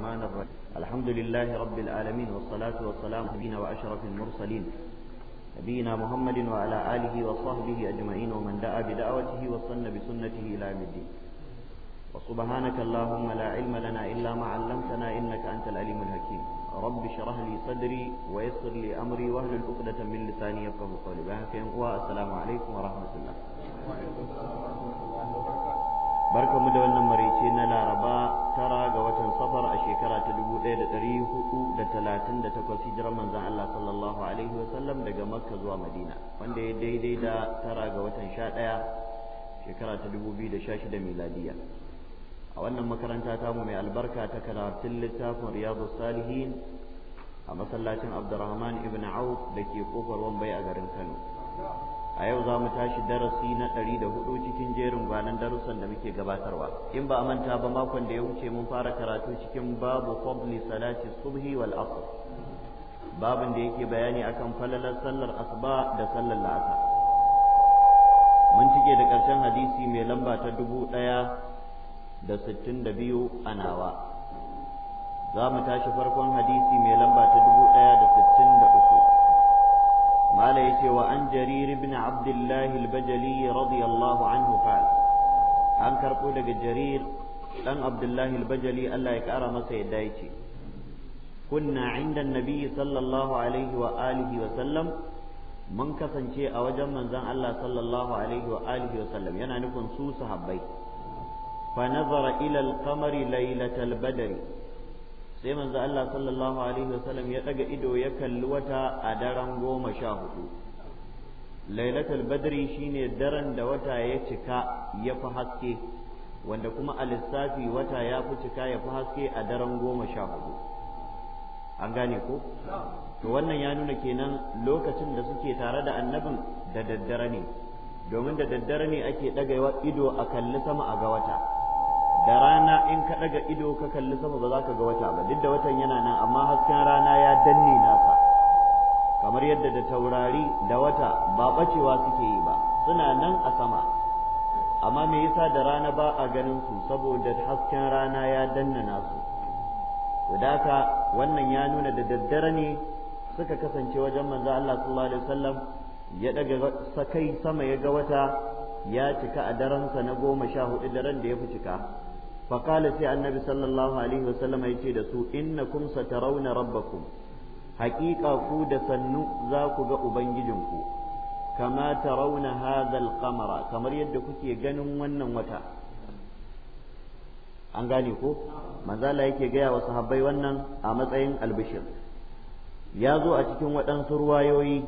الرحمن الرحيم الحمد لله رب العالمين والصلاة والسلام على وأشرف المرسلين نبينا محمد وعلى آله وصحبه أجمعين ومن دعا بدعوته وصن بسنته إلى يوم الدين وسبحانك اللهم لا علم لنا إلا ما علمتنا إنك أنت العليم الحكيم رب اشرح لي صدري ويسر لي أمري واهل عقدة من لساني يفقه قولي بهك السلام عليكم ورحمة الله وعليكم السلام ورحمة الله barkamu da wannan marice na laraba tara ga watan safar a shekara ta dubu ɗaya da ɗari Allah sallallahu alaihi wasallam daga makka zuwa madina wanda ya daidai da tara ga watan sha ɗaya shekara ta dubu biyu da sha shida miladiya a wannan makaranta tamu mai albarka ta karatun littafin riyadu salihin a masallacin abdurrahman ibn auf da ke kofar wambai a garin kano a yau za mu tashi darasi na ɗari da hudu cikin jerin gwanan darussan da muke gabatarwa in ba a manta ba makon da ya wuce mun fara karatu cikin babu fadli salati subhi wal asr babin da yake bayani akan falalar sallar asuba da sallar la'asa mun cike da ƙarshen hadisi mai lamba ta dubu ɗaya da sittin da biyu a nawa za mu tashi farkon hadisi mai lamba ta dubu ɗaya da قال يتي وعن جرير بن عبد الله البجلي رضي الله عنه قال عن كربو جرير لن عبد الله البجلي ألا يكأر مسيد دايتي كنا عند النبي صلى الله عليه وآله وسلم mun kasance a wajen manzon Allah sallallahu alaihi wa alihi wa sallam yana nufin su sahabbai fa nazara ila al-qamari laylatal badri sai manzo Allah sallallahu alaihi wasallam ya daga ido ya kalli wata a daren goma sha hudu lailatul badri shine daren da wata ya cika ya fi haske wanda kuma a lissafi wata ya fi cika ya fi haske a daren goma sha hudu an gane ko to wannan ya nuna kenan lokacin da suke tare da annabin da daddare ne domin da daddare ne ake ɗaga ido a kalli sama a ga wata da rana in ka daga ido ka kalli sama ba za ka ga wata ba duk da watan yana nan amma hasken rana ya danne nasa kamar yadda da taurari da wata ba bacewa suke yi ba suna nan a sama amma me yasa da rana ba a ganin su saboda hasken rana ya danna nasu wadaka wannan ya nuna da daddare ne suka kasance wajen manzo Allah sallallahu alaihi wasallam ya daga sakai sama ya ga wata ya cika a daransa na goma sha hudu daren da ya fi cika faƙala sai annabi sallallahu alaihi wasallam ya ce da su innakum satarawna rabbakum haƙiƙa ku da sannu za ku ga ubangijinku kama tarawna hadhal qamara kamar yadda kuke ganin wannan wata an gane ko manzala yake gaya wa sahabbai wannan a matsayin albishir ya zo a cikin waɗansu ruwayoyi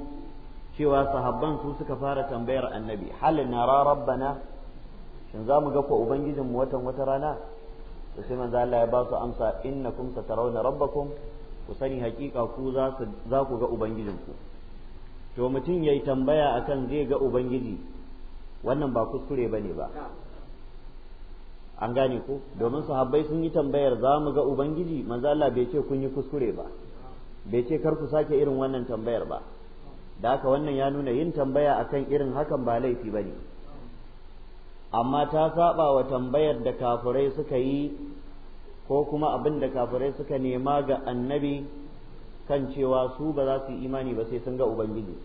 cewa sahabban su suka fara tambayar annabi hal nara rabbana shin za mu ga ko ubangijin mu watan wata rana to sai manzo Allah ya ba su amsa innakum satarawna rabbakum ku sani hakika ku za su za ku ga ubangijin ku to mutum yayi tambaya akan zai ga ubangiji wannan ba kuskure bane ba an gane ko domin sahabbai sun yi tambayar za mu ga ubangiji manzo Allah bai ce kun yi kuskure ba bai ce kar ku sake irin wannan tambayar ba da haka wannan ya nuna yin tambaya akan irin hakan ba laifi bane ne amma ta saba wa tambayar da kafirai suka yi ko kuma abin da kafirai suka nema ga annabi kan cewa su ba za su yi imani ba sai sun ga ubangiji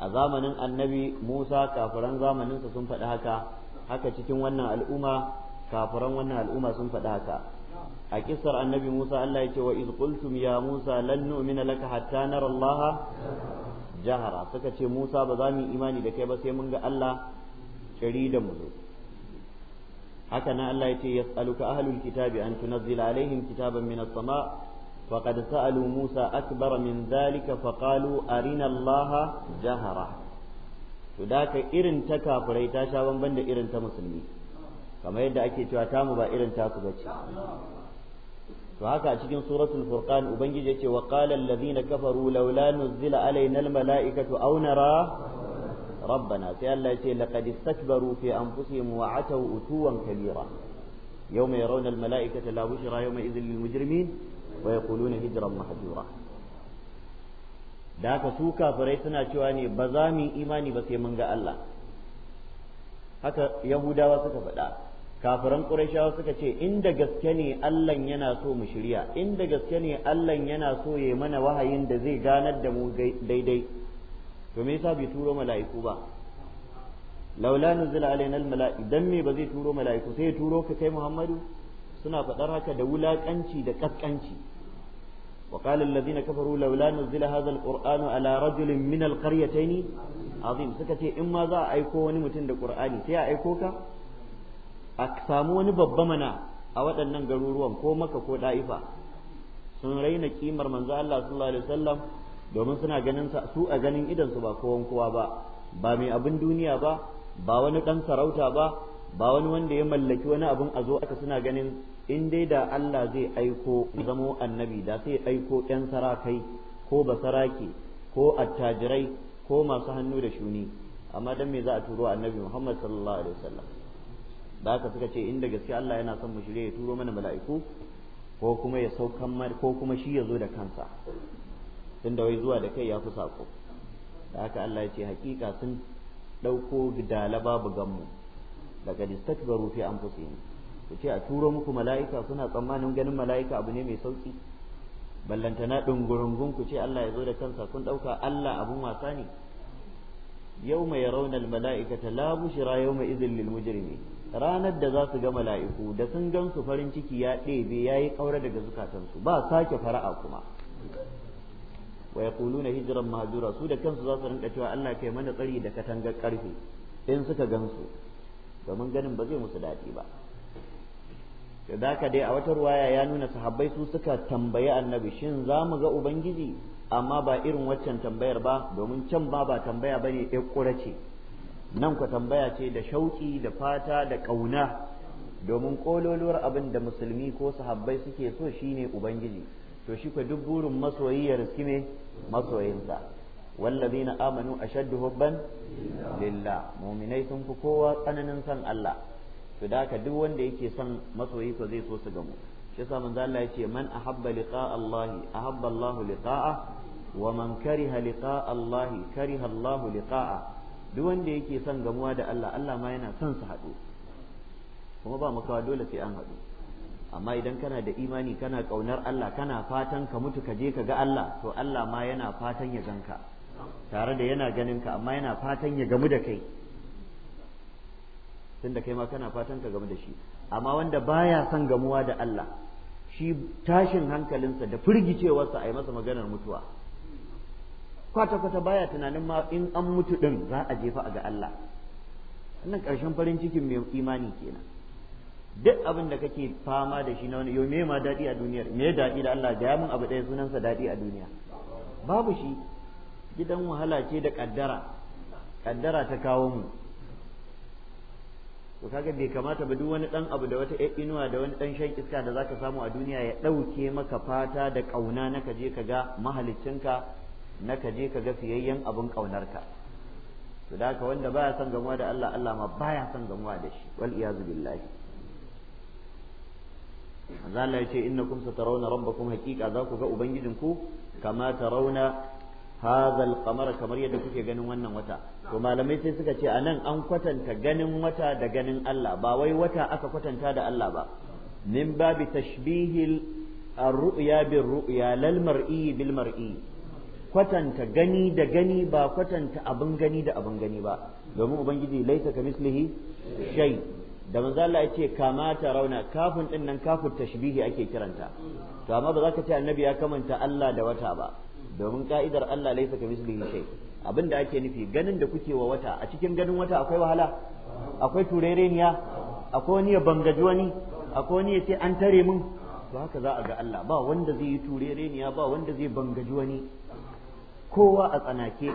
a zamanin annabi musa kafiran zamaninsa sun faɗi haka haka cikin wannan al'umma kafiran wannan al'umma sun faɗi haka a kisar annabi musa allah ya ce wa iz qultum ya musa lan nu'mina laka hatta nara allah jahara suka ce musa ba za mu yi imani da kai ba sai mun ga allah kiri da mu zo haka nan Allah ya ce yas'aluka ahlul kitabi an tunazzila alaihim kitaban minas sama فقد sa'alu musa أكبر من ذلك فقالوا أرنا الله جهرة to da ka irin ta kafirai ta sha bamban da irin ta musulmi kamar yadda ake cewa tamu ba irin tasu ba to haka a cikin suratul furqan ubangiji yace wa qala allazina kafaru laula nuzila alaina mala'ikatu aw nara rabbana sai Allah ya ce laqad istakbaru fi anfusihim wa ataw utuwan kabira yawma yarawna al mala'ikata la bushra yawma idhil lil mujrimin wa yaquluna hijran mahjura da haka su kafirai suna cewa ne ba za mu imani ba sai mun ga Allah haka yahudawa suka faɗa kafiran ƙurashawa suka ce inda gaske ne Allah yana so mu shirya inda gaske ne Allah yana so ya mana wahayin da zai ganar da mu daidai to me yasa bai turo mala'iku ba laula nuzila alaina mala'i dan me ba zai turo mala'iku sai ya turo ka kai muhammadu suna faɗar haka da wulakanci da kaskanci wa qala alladhina kafaru laula nuzila hadha al qur'anu ala rajulin min al azim suka ce in ma za a aiko wani mutum da qur'ani sai a aiko ka a samu wani babba mana a waɗannan garuruwan ko maka ko ɗa'ifa sun raina kimar manzo Allah sallallahu alaihi wasallam domin suna ganin su a ganin idan su ba kowan kowa ba ba mai abin duniya ba ba wani dan sarauta ba ba wani wanda ya mallaki wani abin a zo aka suna ganin in dai da Allah zai aiko zamo annabi da sai aiko yan sarakai ko basarake ko attajirai ko masu hannu da shuni amma dan me za a turo annabi Muhammad sallallahu alaihi wasallam da aka suka ce inda gaske Allah yana son mu shirye ya turo mana mala'iku ko kuma ya saukan ko kuma shi ya zo da kansa tun da wai zuwa da kai ya fi saƙo da haka Allah ya ce hakika sun ɗauko dala babu ganmu daga an fi anfusihim ku ce a turo muku mala'ika suna tsammanin ganin mala'ika abu ne mai sauki na ɗungurungun ku ce Allah ya zo da kansa kun ɗauka Allah abun wasa ne yau mai raunar mala'ikata ta bushira yau mai izin lil ranar da za su ga mala'iku da sun gan su farin ciki ya ɗebe ya yi ƙaura daga zukatansu ba sake fara'a kuma wa yaquluna hijran mahjura su da kansu za su rinka cewa Allah kai mana tsari da katangar karfe in suka gansu domin ganin ba zai musu daɗi ba da haka dai a wata ruwaya ya nuna sahabbai su suka tambayi annabi shin za mu ga ubangiji amma ba irin waccan tambayar ba domin can ba ba tambaya bane ƙura ce nan ku tambaya ce da shauƙi da fata da ƙauna domin ƙololuwar abin da musulmi ko sahabbai suke so shine ubangiji to shi duk burin masoyiyar ya ne masoyinsa wallazina amanu ashaddu hubban lillah mu'minai sun fi kowa tsananin san Allah to da haka duk wanda yake son masoyi to zai so su gamu shi yasa manzo Allah yace man ahabba liqa Allah ahabba Allah liqa'a wa man kariha liqa Allah kariha Allah liqa'a duk wanda yake son gamuwa da Allah Allah ma yana son su haɗu kuma ba makawa dole sai an haɗu amma idan kana da imani kana ƙaunar Allah kana fatan ka mutu ka je ka ga Allah to Allah ma yana fatan ya ganka tare da yana ganin ka amma yana fatan ya gamu da kai tunda kai ma kana fatan ka gamu da shi amma wanda baya son gamuwa da Allah shi tashin hankalinsa da firgicewarsa a yi masa maganar mutuwa kwata-kwata baya tunanin ma in an mutu din za a jefa a ga Allah wannan ƙarshen farin cikin mai imani kenan duk abin da kake fama da shi na wani yau me ma daɗi a duniyar me daɗi da Allah ya mun abu ɗaya sunansa daɗi a duniya babu shi gidan wahala ce da ƙaddara ƙaddara ta kawo mu to kaga bai kamata ba duk wani dan abu da wata inuwa da wani dan shan iska da zaka samu a duniya ya ɗauke maka fata da kauna na ka je ka ga mahaliccinka na ka je ka ga fiyayyen abin ƙaunarka to da haka wanda baya son gamuwa da Allah Allah ma baya son gamuwa da shi wal iyazu billahi manzo Allah ya ce innakum satarawna rabbakum haqiqa za ku ga ubangijinku kama tarawna hadha al kamar yadda kuke ganin wannan wata to malamai sai suka ce anan an kwatanta ganin wata da ganin Allah ba wai wata aka kwatanta da Allah ba min babi tashbihil ru'ya lal mar'i bil mar'i kwatanta gani da gani ba kwatanta abin gani da abin gani ba domin ubangiji laisa ka mislihi shay da manzo Allah ya ce kamata rauna kafin din nan kafin tashbihi ake kiranta to amma ba za ka ce annabi ya kamanta Allah da wata ba domin ka'idar Allah laisa ka mislihi shay abinda ake nufi ganin da kuke wa wata a cikin ganin wata akwai wahala akwai turereniya akwai wani bangaji wani akwai wani ya an tare mun to haka za a ga Allah ba wanda zai yi turereniya ba wanda zai bangaji wani kowa a tsanake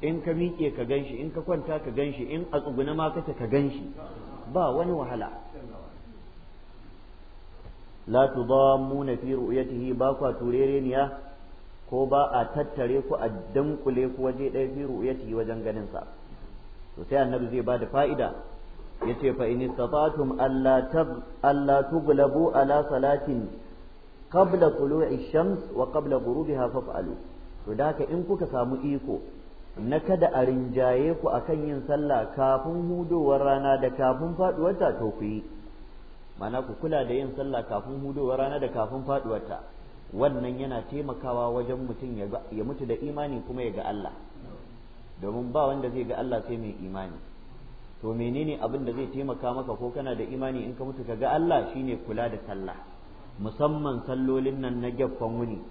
in ka miƙe ka ganshi in ka kwanta ka ganshi in a tsuguna ma ka ka ganshi ba wani wahala la tudammuna fi ru'yatihi ba kwa turereniya ko ba a tattare ku a dankule ku waje ɗaya fi ru'yatihi wajen ganin sa to sai annabi zai ba da fa'ida yace fa in istata'tum alla tab alla tuglabu ala salatin qabla tulu'i shams wa qabla ghurubiha fa'alu to da haka in kuka samu iko na kada a rinjaye ku akan yin sallah kafin hudowar rana da kafin ta to ku yi mana ku kula da yin sallah kafin hudowar rana da kafin ta wannan yana taimakawa wajen mutum ya mutu da imani kuma ya ga Allah domin ba wanda zai ga Allah sai mai imani to menene abin da zai taimaka maka ko kana da imani in ka mutu ka ga Allah shine kula da sallah musamman sallolin nan na gaffan wuni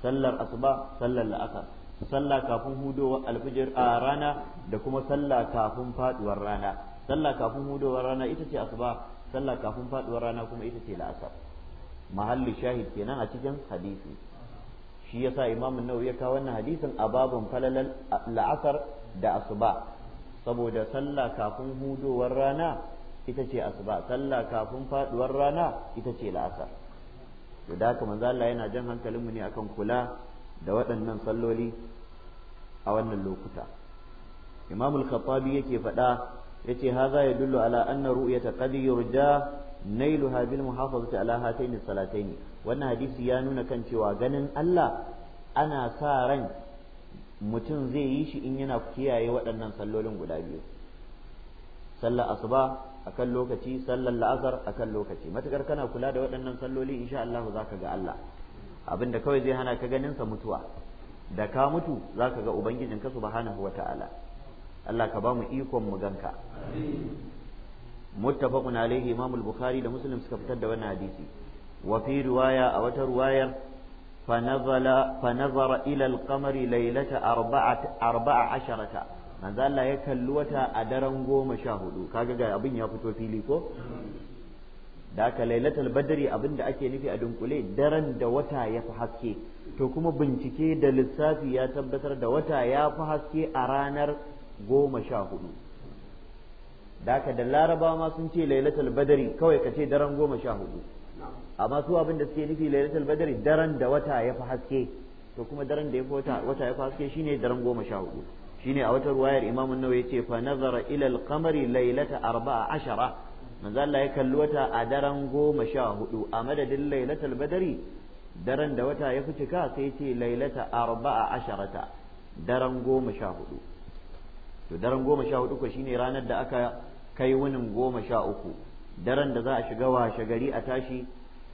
sallar asuba sallar la'asar sallah kafin hudowar alfijir a rana da kuma sallah kafin faduwar rana sallah kafin hudowar rana ita ce asuba sallah kafin faduwar rana kuma ita ce la'asar mahalli shahid kenan a cikin hadisi shi yasa imam nawawi ya kawo wannan hadisin a babun la'asar da asuba saboda sallah kafin hudowar rana ita ce asuba sallah kafin faduwar rana ita ce la'asar to da haka manzo yana jan hankalinmu ne akan kula da waɗannan salloli a wannan lokuta imam al-khattabi yake faɗa yace haza yadullu ala anna ru'yata qad yurja nailuha bil muhafazati ala hataini salataini wannan hadisi ya nuna kan cewa ganin Allah ana sa ran mutum zai yi shi in yana kiyaye waɗannan sallolin guda biyu sallar asuba akan lokaci sallar la'asar akan lokaci matukar kana kula da waɗannan salloli insha Allah zaka ga Allah abinda kawai zai hana ka ganin sa mutuwa da ka mutu za ka ga ubangijinka subhanahu ta’ala, Allah ka ba mu ikon mu ganka muttafaqun alaihi imam al-bukhari da muslim suka fitar da wannan hadisi wa fi riwaya a wata ruwayar fa nazara ila al-qamari laylata arba'a asharata manzo Allah ya kalli wata a daren goma sha hudu kaga ga abin ya fito fili ko da aka lailatul badri abin da ake nufi a dunkule daren da wata ya fi haske to kuma bincike da lissafi ya tabbatar da wata ya fi haske a ranar goma sha hudu da aka da laraba ma sun ce lailatul badari kawai ka ce daren goma sha hudu amma su abin da suke nufi lailatul badari daren da wata ya fi haske to kuma daren da ya fi wata ya fi haske shine daren goma sha hudu shine a wata ruwayar imamun nawa ya ce fa nazara ila al-qamari lailata arba'a ashara manzo Allah ya kalli wata a daren goma sha hudu a madadin lailatul badari daren da wata ya fi cika sai ce lailata arba'a asharata daren goma sha hudu to daren goma sha hudu ko shine ranar da aka kai wunin goma sha uku daren da za a shiga washe gari a tashi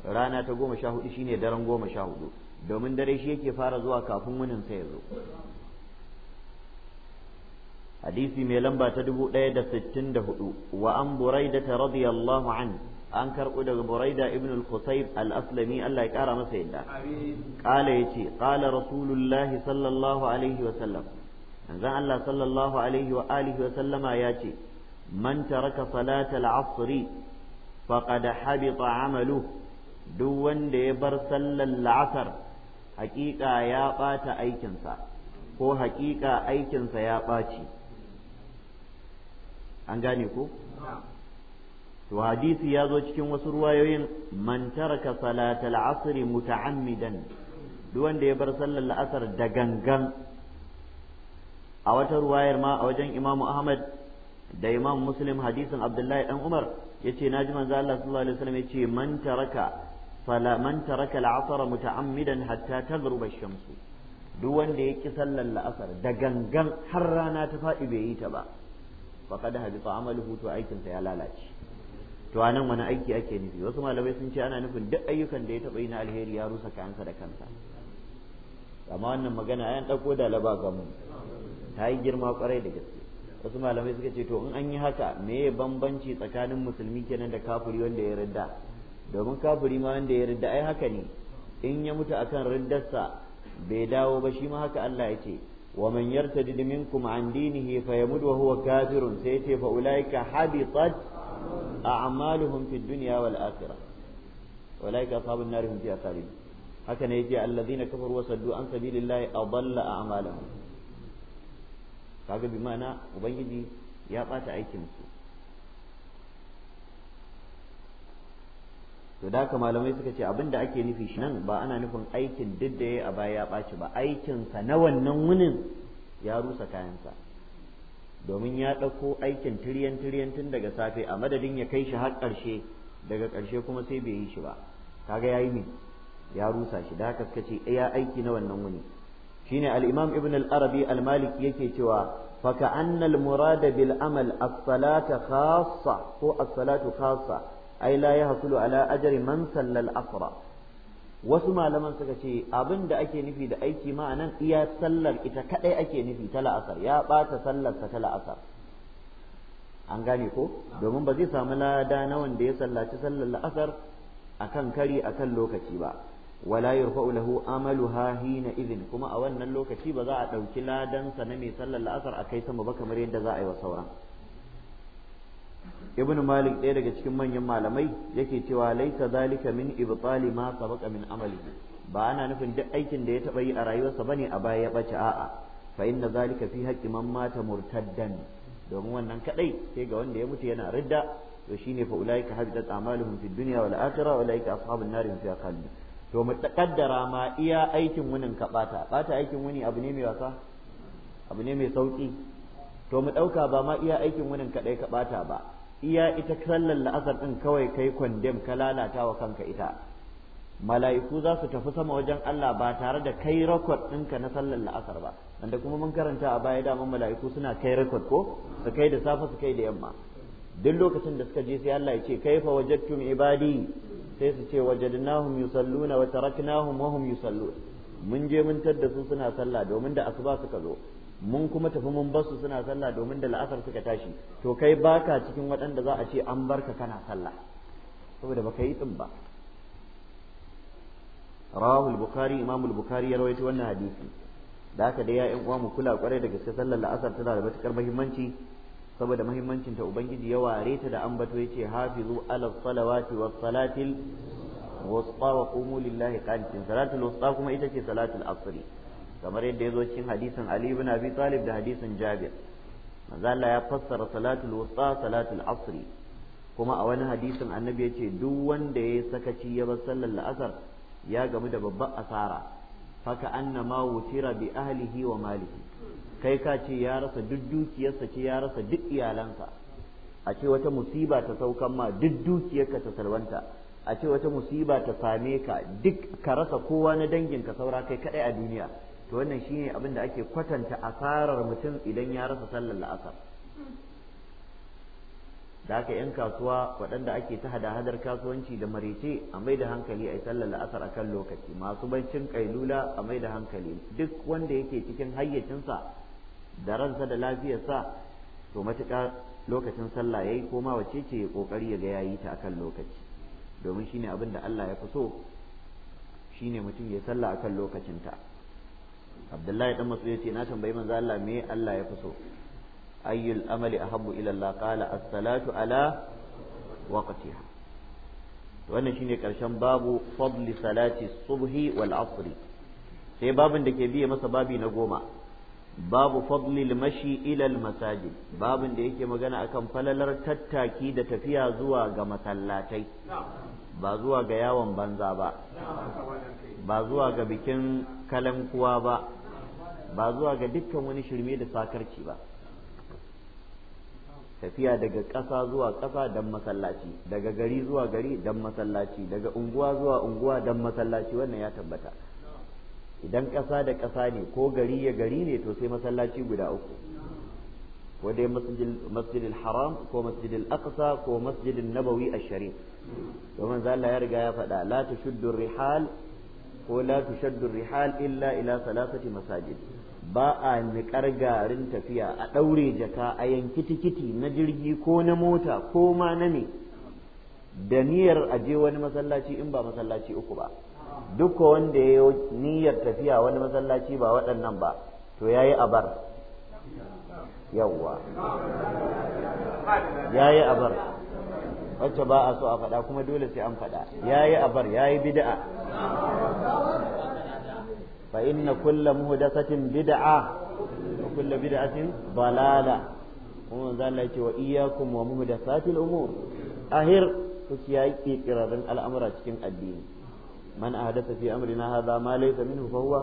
rana ta goma sha hudu shine daren goma sha hudu domin dare shi yake fara zuwa kafin wunin sai ya zo hadisi mai lamba ta dubu ɗaya da sittin da hudu wa an buraidata radiyallahu anhu an karɓo daga buraida ibn al-qusayb al-aslami Allah ya ƙara masa yadda qala ce qala rasulullahi sallallahu alaihi wa sallam ndan-zan Allah sallallahu alaihi wa alihi wa sallama yace man taraka salat al-asr faqad habita duk wanda ya bar sallar la'asar haƙiƙa ya ɓata aikinsa ko haƙiƙa aikinsa ya ɓaci an gane ko to hadisi ya zo cikin wasu ruwayoyin man taraka salatal asr muta'ammidan duk wanda ya bar sallar la'asar da gangan a wata ruwayar ma a wajen imamu ahmad da imam muslim hadisin abdullahi dan umar yace naji manzo Allah sallallahu alaihi wasallam yace man taraka fala man taraka al muta'ammidan hatta taghruba ash-shamsu duk wanda ya ki sallar la'asar da gangan har rana ta faɗi bai yi ta ba faqad hadisa amaluhu to aikin sa ya lalace to anan wani aiki ake nufi wasu malamai sun ce ana nufin duk ayyukan da ya taɓa yi na alheri ya rusa kayansa da kansa amma wannan magana ayan ɗauko da laba ga mu ta yi girma kwarai da gaske wasu malamai suka ce to in an yi haka me ya bambanci tsakanin musulmi kenan da kafuri wanda ya ridda domin kafiri ma wanda ya ridda ai haka ne in ya mutu akan riddarsa bai dawo ba shi ma haka Allah ya ce wa man yartadid minkum an dinihi fa yamut wa huwa kafirun sai ya ce fa ulaika habitat a'maluhum fid dunya wal akhirah ulaika ashabun nar hum fiha khalidun haka ne yace allazina kafaru wa saddu an sabilillahi adalla a'malahum kaga bi ma'ana ubangiji ya bata aikin su to da ka malamai suka ce abinda da ake nufi shi nan ba ana nufin aikin duk da ya a baya ya ɓaci ba aikin sa na wannan wunin ya rusa kayan sa. domin ya ɗauko aikin tiriyan tiriyan tun daga safe a madadin ya kai shi har ƙarshe daga ƙarshe kuma sai bai yi shi ba kaga yayi ne ya rusa shi da haka suka ce eh, ya aiki na wannan wuni shine al-imam ibn al-arabi al-maliki yake cewa fa ka'anna al-murad bil amal as-salata khassa ko as-salatu khassa ay la yahsulu ala ajri man salla al-asra wasu malaman suka ce abin da ake nufi da aiki ma nan iya sallar ita kadai ake nufi ta la'asar ya bata sallarsa ta la'asar an gane ko domin ba zai samu lada na wanda ya sallaci sallar la'asar akan kari akan lokaci ba wala yurfa'u lahu amaluha hina idhin kuma a wannan lokaci ba za a dauki ladansa na mai sallar la'asar a kai sama ba kamar yadda za a yi wa sauran ibnu malik ɗaya daga cikin manyan malamai yake cewa laisa zalika min ibtali ma sabaqa min amali ba ana nufin duk aikin da ya taba yi a rayuwarsa bane a baya ya bace a'a fa inna zalika fi haqqi man mata murtaddan domin wannan kadai sai ga wanda ya mutu yana ridda to shine fa ulaika habitat amaluhum fid dunya wal akhirah ulaika ashabun nar fi khalidun to mu takaddara ma iya aikin wunin ka bata bata aikin wuni abu ne mai wasa abu ne mai sauki to mu dauka ba ma iya aikin wunin kadai ka bata ba iya ita sallar la'asar ɗin kawai kai kwandem ka lalata wa kanka ita mala'iku za su tafi sama wajen Allah ba tare da kai rekod ɗinka na sallar la'asar ba wanda kuma mun karanta a baya daman mala'iku suna kai rekod ko su kai da safe su kai da yamma duk lokacin da suka je sai Allah ya ce kaifa wajadtum ibadi sai su ce wajadnahum yusalluna wa taraknahum wa hum yusallun mun je mun tadda su suna sallah domin da asuba suka zo mun kuma tafi mun basu suna sallah domin da la'asar suka tashi to kai baka cikin waɗanda za a ce an barka kana sallah saboda baka yi tsin ba rawahul bukhari imamul bukhari ya rawaito wannan hadisi da haka da ya uwa mu kula ƙwarai da gaske sallar la'asar tana da matukar muhimmanci saboda muhimmancin ta ubangiji ya ware ta da ambato yace hafizu ala salawati was salatil wusta wa qumu lillahi qanitin salatul wusta kuma ita ce salatul asri kamar yadda ya zo cikin hadisin Ali ibn Abi Talib da hadisin Jabir manzo ya fassara salatul wusta salatul asri kuma a wani hadisin annabi ya ce duk wanda ya sakaci ya bar sallar la'asar ya gamu da babban asara faka anna ma wutira bi ahlihi wa malihi kai ka ce ya rasa duk dukiyarsa ce ya rasa duk iyalansa a ce wata musiba ta saukan ma duk dukiyarka ta salwanta a ce wata musiba ta same ka duk ka rasa kowa na dangin ka saura kai kadai a duniya to wannan shine abin da ake kwatanta asarar mutum idan ya rasa sallar la'asar da aka yan kasuwa waɗanda ake ta hada-hadar kasuwanci da marice a mai da hankali a yi sallar la'asar a kan lokaci masu bancin kailula a mai da hankali duk wanda yake cikin hayyacinsa da ransa da lafiyarsa to matuƙa lokacin sallah yayi ko ma wace ce kokari ya ga yayi ta akan lokaci domin shine abin da Allah ya fi so shine mutum ya sallah akan lokacinta abdullahi dan masu yace na tambayi manzo Allah me Allah ya fi so ayyul amali ahabbu ila Allah qala as-salatu ala waqtiha wannan shine karshen babu fadli salati subhi wal asri sai babin da ke biye masa babi na goma babu fadli mashi ila al masajid babin da yake magana akan falalar tattaki da tafiya zuwa ga masallatai ba zuwa ga yawon banza ba ba zuwa ga bikin kalankuwa ba ba zuwa ga dukkan wani shirme da sakarci ba tafiya daga ƙasa zuwa ƙasa don masallaci daga gari zuwa gari don masallaci daga unguwa zuwa unguwa don masallaci wannan ya tabbata idan ƙasa da ƙasa ne ko gari ya gari ne to sai masallaci guda uku ko dai masjidil haram ko masjidil aqsa ko masjidin nabawi a sharif domin zalla ya riga ya faɗa la tushuddu rihal ko la tushaddu rihal illa ila salasati masajid ba a niƙar garin tafiya a ɗaure jaka a yanki tikiti na jirgi ko na mota ko ma na me da niyyar aje wani masallaci in ba masallaci uku ba duk wanda ya niyyar tafiya wani masallaci ba waɗannan ba to ya yi abar yawwa ya abar wacce ba a so a faɗa kuma dole sai an faɗa yayi abar yayi bid'a fa inna kulla muhdathatin bid'a wa kulla bid'atin dalala kuma manzo Allah yake wa iyyakum wa muhdathatil umur ahir ku kiyaye kirarin al'amura cikin addini man ahdatha fi amrina hadha ma laysa minhu fa huwa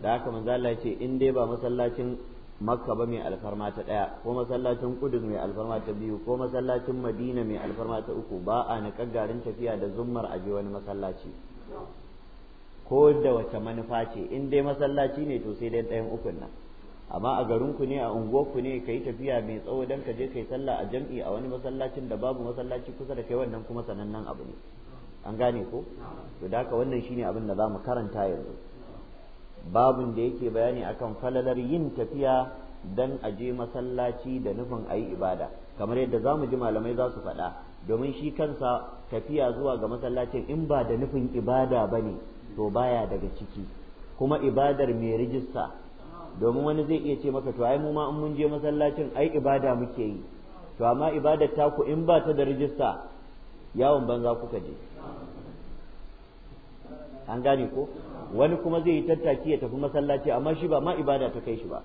da haka manzo Allah yace in dai ba masallacin makka ba mai alfarma ta ɗaya ko masallacin kudus mai alfarma ta biyu ko masallacin madina mai alfarma ta uku ba a niƙar garin tafiya da zummar a wani masallaci ko da wace manufa ce in dai masallaci ne to sai dai ɗayan ukun nan amma a garinku ne a unguwarku ne ka tafiya mai tsawo don ka je ka sallah a jam'i a wani masallacin da babu masallaci kusa da kai wannan kuma sanannen abu ne an gane ko to da haka wannan shine abin da za mu karanta yanzu babun da yake bayani akan falalar yin tafiya dan a masallaci da nufin a ibada kamar yadda za mu ji malamai za su faɗa domin shi kansa tafiya zuwa ga masallacin in ba da nufin ibada ba ne to baya daga ciki kuma ibadar mai rijista domin wani zai iya ce maka to ai mu ma in mun je masallacin ai ibada muke yi to amma ibadar ku in ba ta da rijista yawon banza kuka je an gane ko wani kuma zai yi tattaki ya tafi masallaci amma shi ba ma ibada ta kai shi ba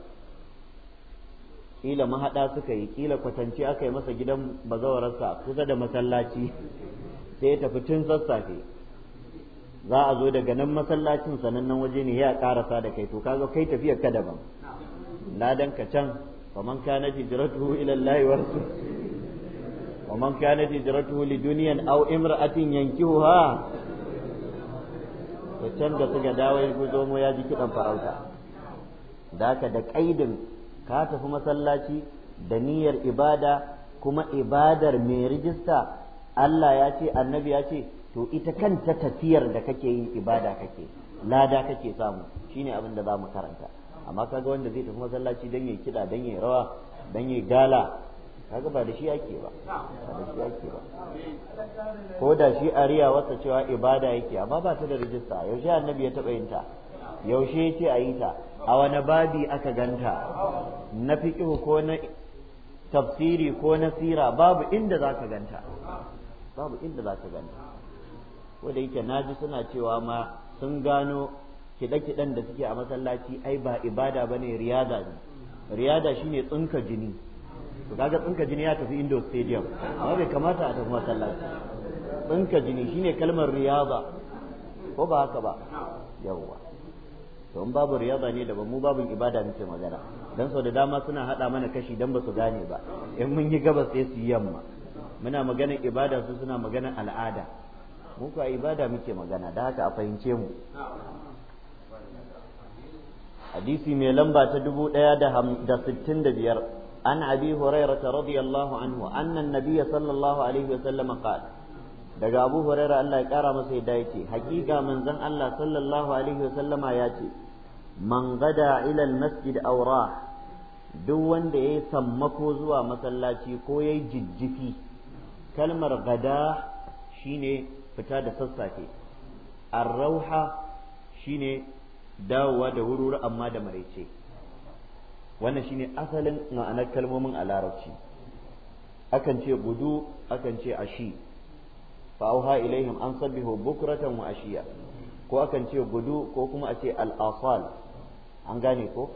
kila mahaɗa suka yi kila kwatance aka yi masa gidan bazawararsa kusa da masallaci sai ya tafi tun sassafe za a zo daga nan masallacin sanannen waje ne ya karasa da kai to kaga kai tafiyar ka daban ladan ka can faman kana hijratuhu ila Allah wa rasul ومن كانت هجرته لدنيا aw imra'atin yankihuha to can da suka dawo ya guzo mu ya ji kiɗan farauta da haka da ƙaidin ka tafi masallaci da niyyar ibada kuma ibadar mai rijista Allah ya ce annabi ya ce to ita kanta tafiyar da kake yi ibada kake lada kake samu shine abin da za mu karanta amma kaga wanda zai tafi masallaci dan yayi kiɗa dan yayi rawa dan yayi gala kaga ba da shi yake ba ba da shi yake ba ko da shi ariya wasa cewa ibada yake amma ba ta da rijista yaushe annabi ya taba yin ta yaushe ya ce a yi ta a wani babi aka ganta na fiƙihu ko na tafsiri ko na sira babu inda za ka ganta babu inda za ka ganta ko da yake naji suna cewa ma sun gano kiɗe-kiɗen da suke a masallaci ai ba ibada ba ne riyada ne riyada shine tsinka jini to kaga tsinka jini ya tafi indoor stadium amma bai kamata a tafi masallaci tsinka jini shine kalmar riyaza ko ba haka ba yawwa to in babu riyaza ne daban mu babu ibada muke magana dan sau da dama suna hada mana kashi dan ba su gane ba in mun yi gabas sai su yamma muna magana ibada su suna magana al'ada mu kuwa ibada muke magana da haka a fahimce mu hadisi mai lamba ta dubu ɗaya da sittin da biyar عن أبي هريرة رضي الله عنه أن النبي صلى الله عليه وسلم قال دقى أبو هريرة الله يكرم سيدايتي حقيقة من زن الله صلى الله عليه وسلم ياتي من غدا إلى المسجد أو راح duk wanda ya sammako zuwa masallaci ko ya yi jijjifi kalmar gada shine fita da sassafe arrauha shine dawowa da wurwuri amma da maraice wannan shine asalin ma'anar kalmomin a larabci akan ce gudu akan ce ashi fa'auha ilaihim an sabbihu bukratan wa ashiya ko akan ce gudu ko kuma a ce al'asal an gane ko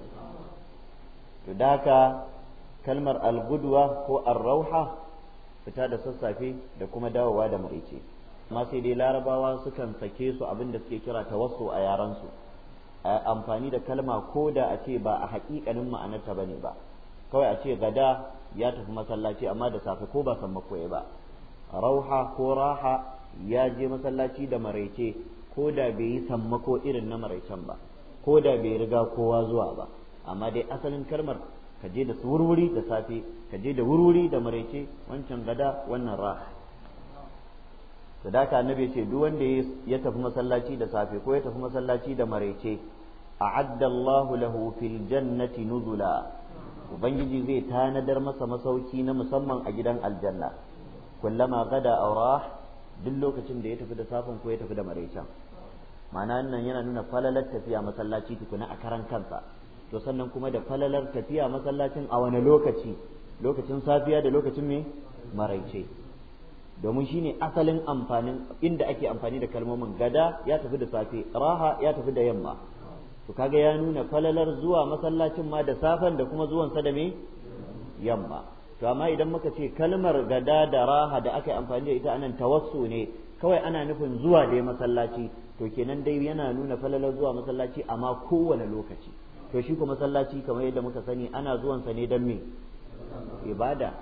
to da kalmar kalmar gudwa ko rauha fita da sassafe da kuma dawowa da maraice amma sai dai larabawa sukan sake su abin da suke kira tawassu a yaransu su amfani da kalma ko da a ce ba a haƙiƙanin ma'anarta ne ba kawai a ce gada ya tafi masallaci amma da safe ko ba san makoye ba rauha ko raha ya je masallaci da maraice ko da bai yi sammako irin na maraicen ba ko da bai riga kowa zuwa ba amma dai asalin kalmar ka je da wurwuri da safe ka je da wurwuri da maraice wancan gada wannan raha Sadaka da ka annabi ce duk wanda ya tafi masallaci da safe ko ya tafi masallaci da maraice a'adda Allahu lahu fil jannati nuzula ubangiji zai tanadar masa masauki na musamman a gidan aljanna kullama gada aurah duk lokacin da ya tafi da safin ko ya tafi da maraicen ma'ana nan yana nuna falalar tafiya masallaci tukuna a karan kansa to sannan kuma da falalar tafiya masallacin a wani lokaci lokacin safiya da lokacin me maraice domin shine asalin amfanin inda ake amfani da kalmomin gada ya tafi da safe raha ya tafi da yamma to kaga ya nuna falalar zuwa masallacin ma da safan da kuma zuwan da me yamma to amma idan muka ce kalmar gada da raha da aka amfani da ita anan tawassu ne kawai ana nufin zuwa da masallaci to kenan dai yana nuna falalar zuwa masallaci amma kowane lokaci to shi ko masallaci kamar yadda muka sani ana zuwansa ne don me ibada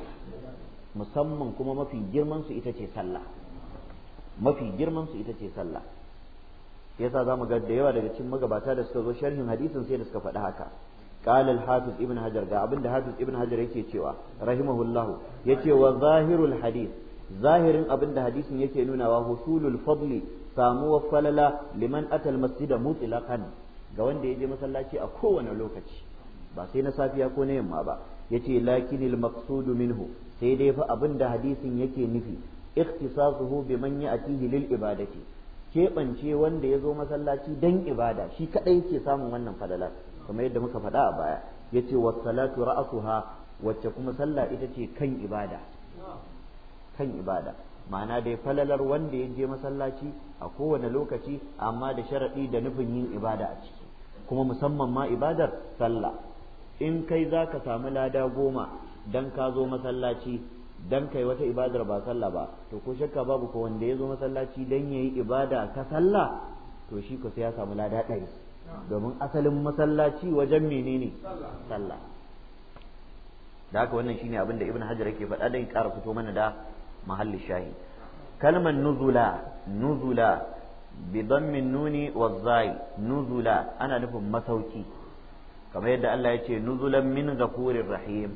musamman kuma mafi girman su ita ce sallah mafi girman su ita ce sallah yasa zamu ga da yawa daga cikin magabata da suka zo sharhin hadisin sai da suka faɗi haka قال Hafiz Ibn Hajar, ga abin da hafiz ibn hajar yake cewa rahimahullahu yace wa zahirul hadith zahirin abin da hadisin yake nunawa husulul fadli Samuwa, falala liman atal masjida mutlaqan ga wanda ya je masallaci a kowane lokaci ba sai na safiya ko na yamma ba yace lakinil maqsudu minhu sai dai fa abin da hadisin yake nufi ikhtisasuhu man ya'tihi lil ibadati keɓance wanda ya zo masallaci dan ibada shi kadai yake samun wannan falalar kamar yadda muka faɗa a baya yace was salatu ra'suha wacce kuma sallah ita ce kan ibada kan ibada ma'ana dai falalar wanda ya je masallaci a kowane lokaci amma da sharaɗi da nufin yin ibada a ciki kuma musamman ma ibadar sallah in kai za ka samu lada goma dan ka zo masallaci dan kai wata ibadar ba sallah ba to ko shakka babu ko wanda ya zo masallaci dan yayi ibada ka sallah to shi ko sai ya samu lada ɗari domin asalin masallaci wajen menene sallah da haka wannan shine abin da ibn hajar yake faɗa dan ƙara fito mana da mahalli shahi kalmar nuzula nuzula bi dammin nuni wa zai nuzula ana nufin masauki kamar yadda Allah ya ce nuzulan min ghafurir rahim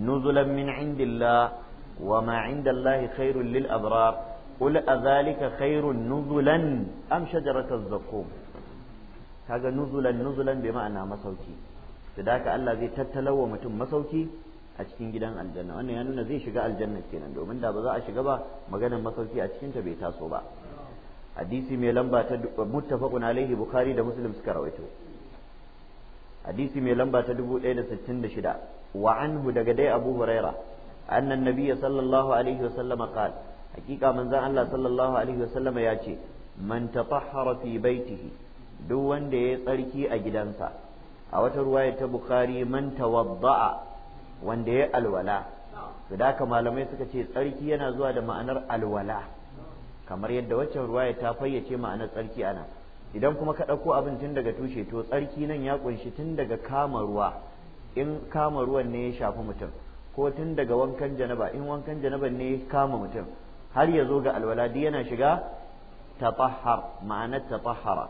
nuzulan min indillah wa ma indallahi khairul lil abrar qul azalika khairun nuzulan am shajaratuz zakum kaga nuzulan nuzulan bi ma'ana masauki da haka Allah zai tattalawa mutum masauki a cikin gidan aljanna wannan ya nuna zai shiga aljanna kenan domin da ba za a shiga ba maganar masauki a cikin ta bai taso ba hadisi mai lamba ta muttafaqun alaihi bukhari da muslim suka rawaito hadisi mai lamba ta 1066 wa anhu daga dai abu huraira annan nabiyya sallallahu alaihi wasallam qal hakika manzon Allah sallallahu alaihi wasallam ya ce man tatahhara fi baitihi duk wanda ya tsarki a gidansa a wata ruwaya ta bukhari man tawadda'a wanda ya alwala da malamai suka ce tsarki yana zuwa da ma'anar alwala kamar yadda waccan ruwaya ta fayyace ma'anar tsarki ana idan kuma ka ɗauko abin tun daga tushe to tsarki nan ya ƙunshi tun daga kama ruwa in kama ruwan ne ya shafi mutum ko tun daga wankan janaba in wankan janaban ne ya kama mutum har ya zo ga alwala duk yana shiga tatahhar ma'anar tatahhara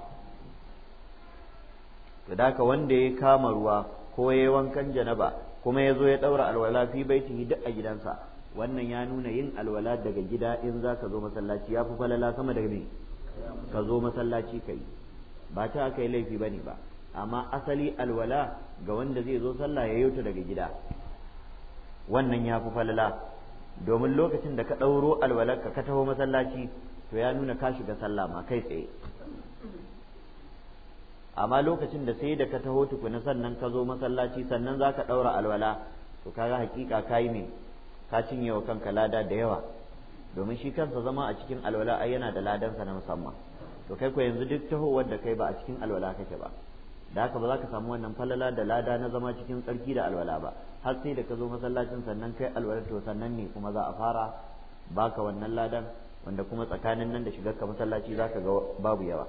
to da wanda ya kama ruwa ko ya yi wankan janaba kuma ya zo ya ɗaura alwala fi baitihi duk a gidansa wannan ya nuna yin alwala daga gida in za ka zo masallaci ya fi falala sama da me ka zo masallaci kai ba ta kai laifi bane ba amma asali alwala ga wanda zai zo sallah ya ta daga gida wannan ya fi falala domin lokacin da ka ɗauro alwalarka ka taho masallaci to ya nuna ka shiga sallah ma kai tsaye amma lokacin da sai da ka taho tukuna sannan ka zo masallaci sannan za ka ɗaura alwala to ga hakika ka yi mai ka cinye wa kanka lada da yawa domin shi kansa zama a cikin alwala ai yana da ladansa na musamman to kai ko yanzu duk tahowar da kai ba a cikin alwala kake ba da haka ba za ka samu wannan falala da lada na zama cikin tsarki da alwala ba har sai da ka zo masallacin sannan kai alwala to sannan ne kuma za a fara baka wannan ladan wanda kuma tsakanin nan da shigar ka masallaci za ka ga babu yawa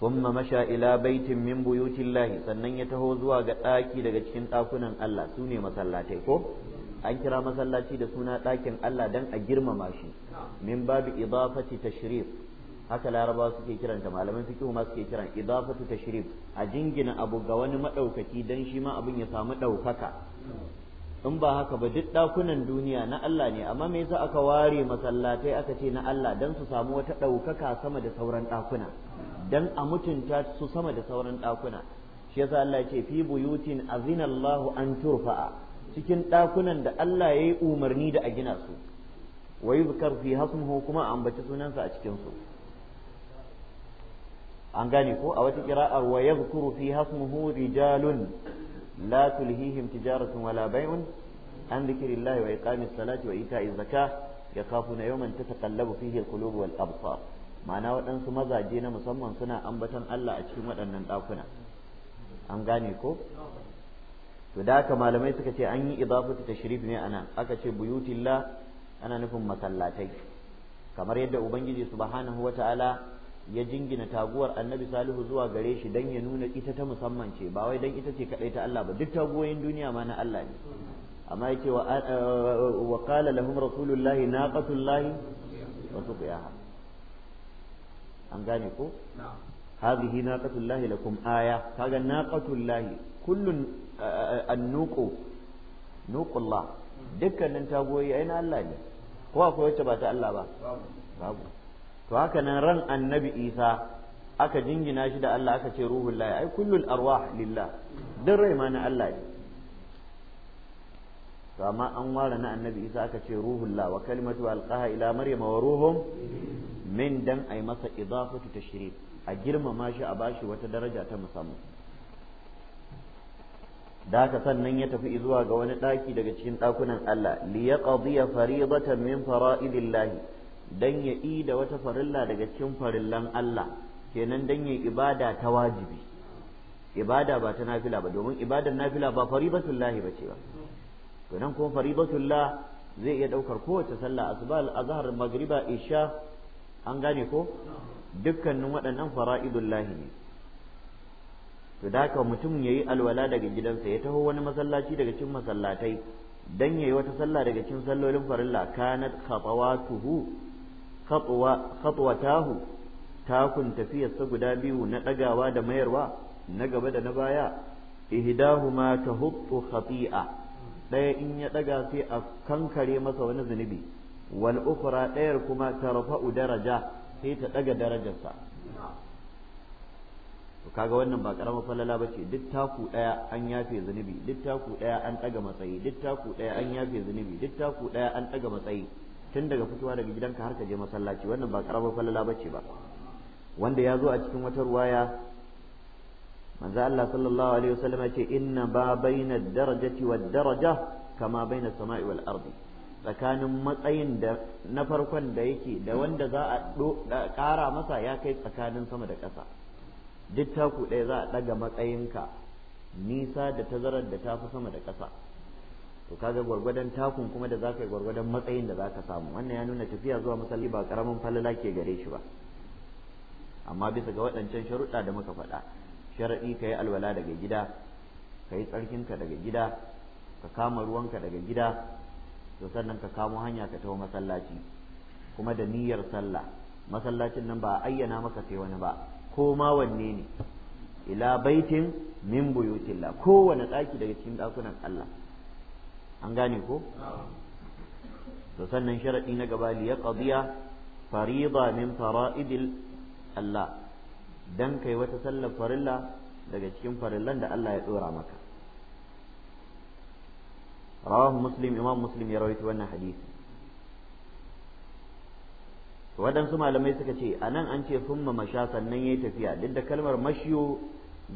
ثم masha ila baitin min بيوت sannan ya taho zuwa ga ɗaki daga cikin ɗakunan Allah su ne masallatai ko an kira masallaci da suna ɗakin Allah dan a girmama shi min babu idafati tashrif haka laraba suke kiranta malaman fiqh ma suke kiran idafatu tashrif a jingina abu ga wani madaukaki dan shi ma abin ya samu daukaka in ba haka ba duk dakunan duniya na Allah ne amma me yasa aka ware masallatai aka ce na Allah dan su samu wata daukaka sama da sauran dakuna dan a mutunta su sama da sauran dakuna shi yasa Allah ce fi buyutin azinallahu an turfa'a cikin dakunan da Allah ya yi umarni da a gina su wa yuzkar fi hasmuhu kuma ambaci sunansa a cikin su an gane ko a wata kira'ar wa kurufi fi hasmuhu rijalun la tulhihim tijaratun wala bay'un an dhikrillahi wa iqamis salati wa ita'iz zakah yakhafuna yawman tataqallabu fihi alqulub wal absar ma'ana waɗansu mazaje na musamman suna ambaton Allah a cikin waɗannan ɗakuna an gane ko to da haka malamai suka ce an yi idafatu tashrif ne anan aka ce buyutillah ana nufin masallatai kamar yadda ubangiji subhanahu wata'ala ya jingina taguwar annabi salihu zuwa gare shi dan ya nuna ita ta musamman ce ba wai dan ita ce kadai ta Allah ba duk taguwoyin duniya ma na Allah ne amma yake wa wa qala lahum rasulullahi naqatullahi wa tuqiyaha an gane ko هذه ناقة الله لكم آية هذا ناقة الله كل dukkanin نوق الله yi na Allah ne ko akwai wacce ba ta Allah ba babu to haka nan ran annabi isa aka jingina shi da Allah aka ce ruhul lahi ai kullul arwah lillah duk rai ma na Allah ne to amma an ware na annabi isa aka ce ruhul la wa kalimatu alqaha ila maryam wa ruhum min dan ai masa idafatu tashrif a girmama shi a bashi wata daraja ta musamman da haka sannan ya tafi zuwa ga wani daki daga cikin dakunan Allah li yaqdiya faridatan min fara'idillahi dan ya da wata farilla daga cikin farillan Allah kenan dan ya ibada ta wajibi ibada ba ta nafila ba domin ibadar nafila ba faribatullahi ba ce ba to nan kuma faribatullah zai iya daukar kowace sallah asuba azhar magriba isha an gane ko dukkanin waɗannan fara'idullahi ne to da haka mutum ya yi alwala daga gidansa ya taho wani masallaci daga cikin masallatai dan yayi wata sallah daga cikin sallolin farilla kanat khatawatuhu khatwatahu takun tafiyarsa guda biyu na ɗagawa da mayarwa na gaba da na baya ma tahuttu khati'a ɗaya in ya ɗaga sai a kankare masa wani zunubi wal ukhra ɗayar kuma tarfa'u daraja sai ta ɗaga darajarsa to kaga wannan ba karamar falala ba ce duk taku ɗaya an yafe zunubi duk taku an ɗaga matsayi duk taku ɗaya an yafe zunubi duk taku ɗaya an ɗaga matsayi tun daga fitowa daga gidanka har ka je masallaci wannan ba karamar falala bace ba wanda ya zo a cikin wata ruwaya manzo Allah sallallahu alaihi wasallam ya ce inna ba baina darajati wad daraja kama baina sama'i wal ardi tsakanin matsayin da na farkon da yake da wanda za a ƙara masa ya kai tsakanin sama da ƙasa duk taku ɗaya za a ɗaga matsayinka nisa da tazarar da tafi sama da ƙasa to kaga gwargwadon takun kuma da zaka yi gwargwadon matsayin da zaka samu wannan ya nuna tafiya zuwa masalli ba karamin falala ke gare shi ba amma bisa ga waɗancan sharuɗa da muka faɗa sharaɗi ka yi alwala daga gida ka yi tsarkinka daga gida ka kama ruwanka daga gida to sannan ka kamo hanya ka taho masallaci kuma da niyyar sallah masallacin nan ba a ayyana maka sai wani ba ko ma wanne ne ila baitin min buyutillah kowane ɗaki daga cikin ɗakunan Allah an gane ko to sannan sharadi na gaba liya qadiya fariida min fara'idil Allah dan kai wata sallar farilla daga cikin farillan da Allah ya dora maka rawahu muslim imam muslim ya rawaito wannan hadisi waɗansu malamai suka ce a nan an ce summa masha sannan ya yi tafiya duk da kalmar mashiyo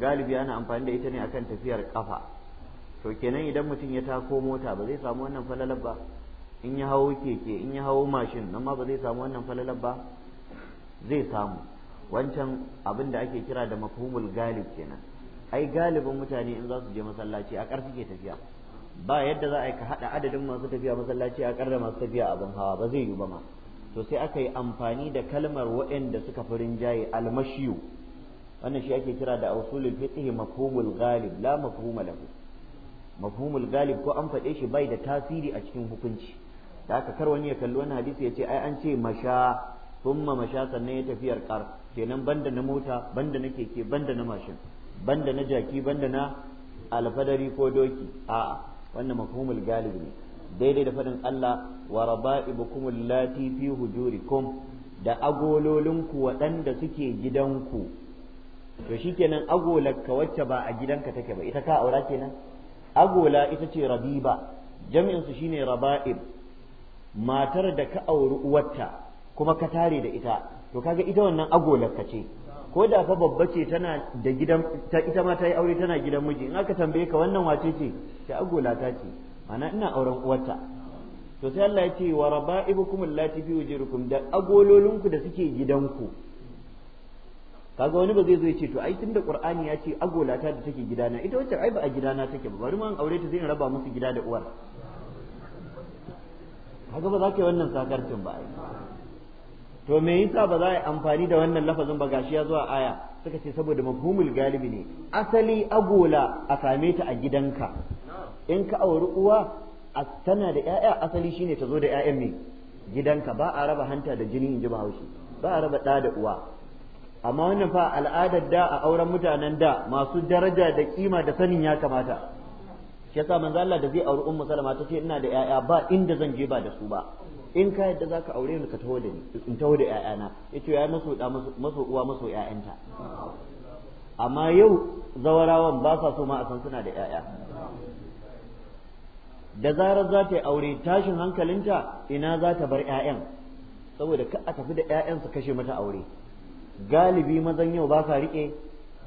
galibi ana amfani da ita ne akan tafiyar ƙafa. to kenan idan mutum ya tako mota ba zai samu wannan falalar ba in ya hawo keke in ya hawo mashin nan ma ba zai samu wannan falalar ba zai samu wancan abin da ake kira da mafhumul galib kenan ai galibin mutane in za su je masallaci a ƙarfi ke tafiya ba yadda za a yi ka haɗa adadin masu tafiya masallaci a ƙarfi masu tafiya abin hawa ba zai yi ba ma to sai aka yi amfani da kalmar waɗanda suka fi rinjaye almashiyu wannan shi ake kira da usulul fiqh mafhumul galib la mafhuma lahu mafhumul galib ko an faɗe shi bai da tasiri a cikin hukunci da aka kar wani ya kalli wani hadisi ya ce ai an ce masha thumma masha sannan ya tafiyar kar kenan banda na mota banda na keke banda na mashin banda na jaki banda na alfadari ko doki a'a wannan mafhumul galib ne daidai da faɗin Allah wa raba'ibukum allati fi hujurikum da agololinku waɗanda suke gidanku to shikenan ka wacce ba a gidanka take ba ita ka aura kenan agola ita ce rabiba jami'insu shine raba'ib matar da ka auri uwarta kuma ka tare da ita to kaga ita wannan agolar ka ce ko da fa babba ce tana da gidan ta ita ma ta yi aure tana gidan miji in aka tambaye ka wannan wace ce ta agola ta ce ana ina auren uwarta to sai Allah ya ce wa raba'ibukum allati fi wujurikum da agololinku da suke gidanku kaga wani ba zai zo ya ce to ai tunda qur'ani ya ce agolata da take gidana ita wacce ai ba a gidana take ba bari ma an aure ta zai raba musu gida da uwar kaga ba za ka yi wannan sakarcin ba to me yasa ba za a yi amfani da wannan lafazin ba gashi ya zuwa aya suka ce saboda mafhumul galibi ne asali agola a same ta a gidanka in ka auri uwa tana da 'ya'ya asali shine ta zo da 'ya'yan me gidanka ba a raba hanta da jini in ji bahaushe ba a raba ɗa da uwa amma wannan fa al'adar da a auren mutanen da masu daraja da kima da sanin ya kamata shi yasa manzo Allah da zai auri ummu salama tace ina da yaya ba inda zan je ba da su ba in ka yadda zaka aure ni ka taho da ni in taho da yayana yace yayi maso da maso uwa maso yayanta amma yau zawarawan ba sa so ma a san suna da yaya da zarar za ta yi aure tashin hankalinta ina za ta bar 'ya'yan saboda ka a tafi da 'ya'yan su kashe mata aure galibi mazan yau ba sa rike